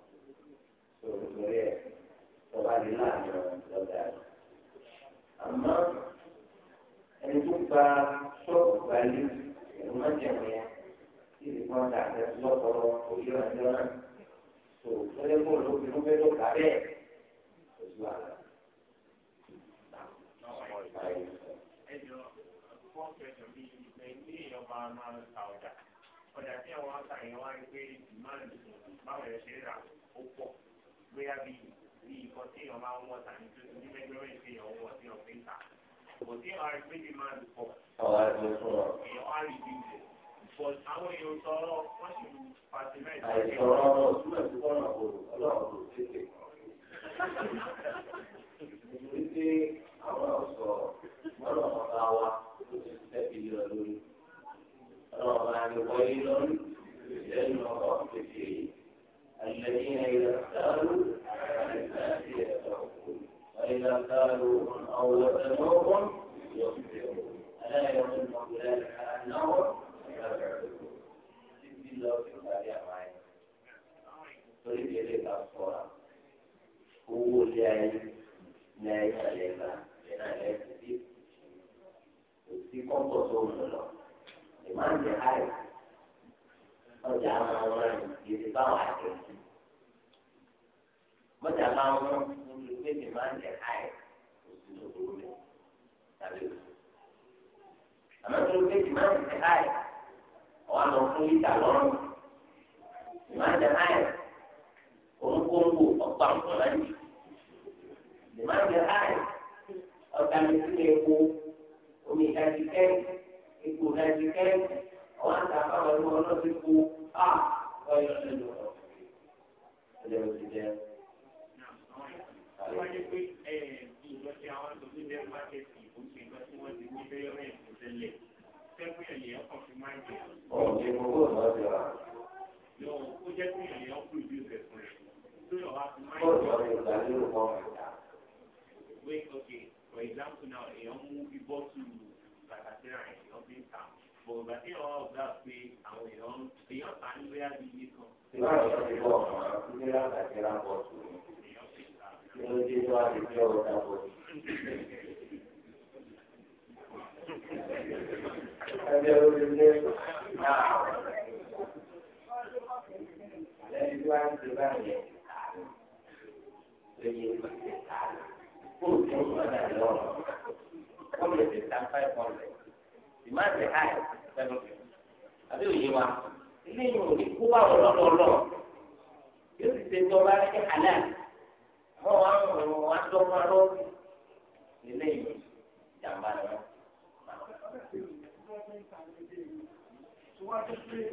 torí ẹ̀ ọba ní láàrin lọ́dà rẹ̀. àmọ́ ẹni tó gba ṣọ́ọ̀bù gbalẹ̀ ẹ̀rọ má jẹun yẹn tí ìdí kan dà lọ́kọ̀ọ́ òye ọ̀jọ́ náà tó fẹ́lẹ́ bò lóbìnrin fẹ́ ló kà bẹ́ẹ̀ ojú àlá. Ẹjọ́ fún ọ̀sẹ̀ mi ń ta ọjà. Ọjà ń gbé dìmáàlì báwọn ẹ̀ṣẹ̀ rà ó pọ̀ bóyá bí bí nǹkan tí èèyàn máa ń wọ̀ tàbí tó ti nílẹ̀ gbẹ́rẹ́ ìṣe èèyàn wọ̀ tí èèyàn fi ń tà kò tí èèyàn rí méjì máa lù pọ̀ èèyàn á rí bí ilẹ̀ pọ̀ àwọn èèyàn sọ̀rọ̀ wọ́n sì pàṣẹ mẹ́ta. àìsọ̀rọ̀ ọ̀rọ̀ túmọ̀ sí ti tẹ́bi ọlọ́run ọ̀gá ni wọ́n yé lọ́rí lẹ́nu ọ̀rọ̀ kékeré الذين إذا اختاروا على الناس يتوكلون وإذا اختاروا أو وزنوهم يصبرون ألا يظن أولئك أنهم يفعلون بسم الله الرحمن الرحيم تريد إليك الصورة هو جاي نايم علينا لنا لا يستطيع يستطيع كم تصوم له لمن ọjà máa wọn rìn ìdí báwọn àjọṣe mọjà máa wọn níbi méjì máa ń jẹ káì òsì tó burú tàbí òsì àmọ́ tó méjì máa ń jẹ káì ọwọ́ lọ fún lítà lọ́rùn máa ń jẹ káì òǹkóńgò ọgbà nǹkan láti máa ń jẹ káì ọ̀gá mi sílẹ̀ epo omi ìdájí kẹ́ẹ̀kì epo ìdájí kẹ́ẹ̀kì àwọn àti àkàwọn ọdún ọlọ́sìn kú á ọyọ nínú ọ̀rọ̀ ẹ̀jẹ̀ òsì jẹ́. wọ́n ní pé ìgbà àwọn tó bẹ́ẹ̀ máa tẹ̀sí ìbò sí ìgbà tí wọ́n ti ní bẹ́ẹ̀ rẹ̀ kò tẹ́lẹ̀ sẹ́kùn ẹ̀yẹ ọkàn fi máa ń jẹ. ọ̀hún ìbò kò lọ sí yọ ó jẹ́ pé ẹ̀yẹ ọkùn ìbí ìfẹ́ fún rẹ̀ tó yọ̀ wá fi máa ń jẹ. ó sọ ìgbà kan wait okay for example now èèyàn mú bíbọ́ọ̀tù bàtà ọ̀gbà tí ọ̀ gbà pé àwọn èèyàn èèyàn ta ní bóyá bí iye kan. ìwà ìṣòro ìwọ ọ̀hún àti bí wọ́n bàjẹ́ lápọ̀ tó ní. kí ló dé tó wá lè fẹ́ ọ̀dà bọ̀ sí. ẹgbẹ́ orí ilé náà lẹ́yìn tí wọ́n ti bá yẹn lóye kó tó wọ́n dà lọ́wọ́ kó lè fi ta five hundred ìmáàmì àì sẹ́nu àbí òye wa ilé yìí ò ní kó bá wọn lọ́dọ̀ lọ yóò ti ṣe tó bá ní àlẹ́ àwọn wa ń rìn wọn adó wọn lọ ilé yìí jàmbá ni wọn. Wọ́n ti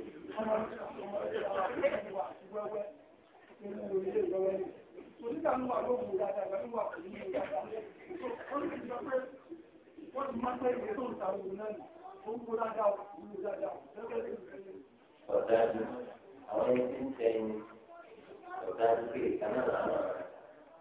ọ̀dájú àwọn ẹni tí ń tẹ ẹni ọ̀dájú pé ìkànnà làwọn.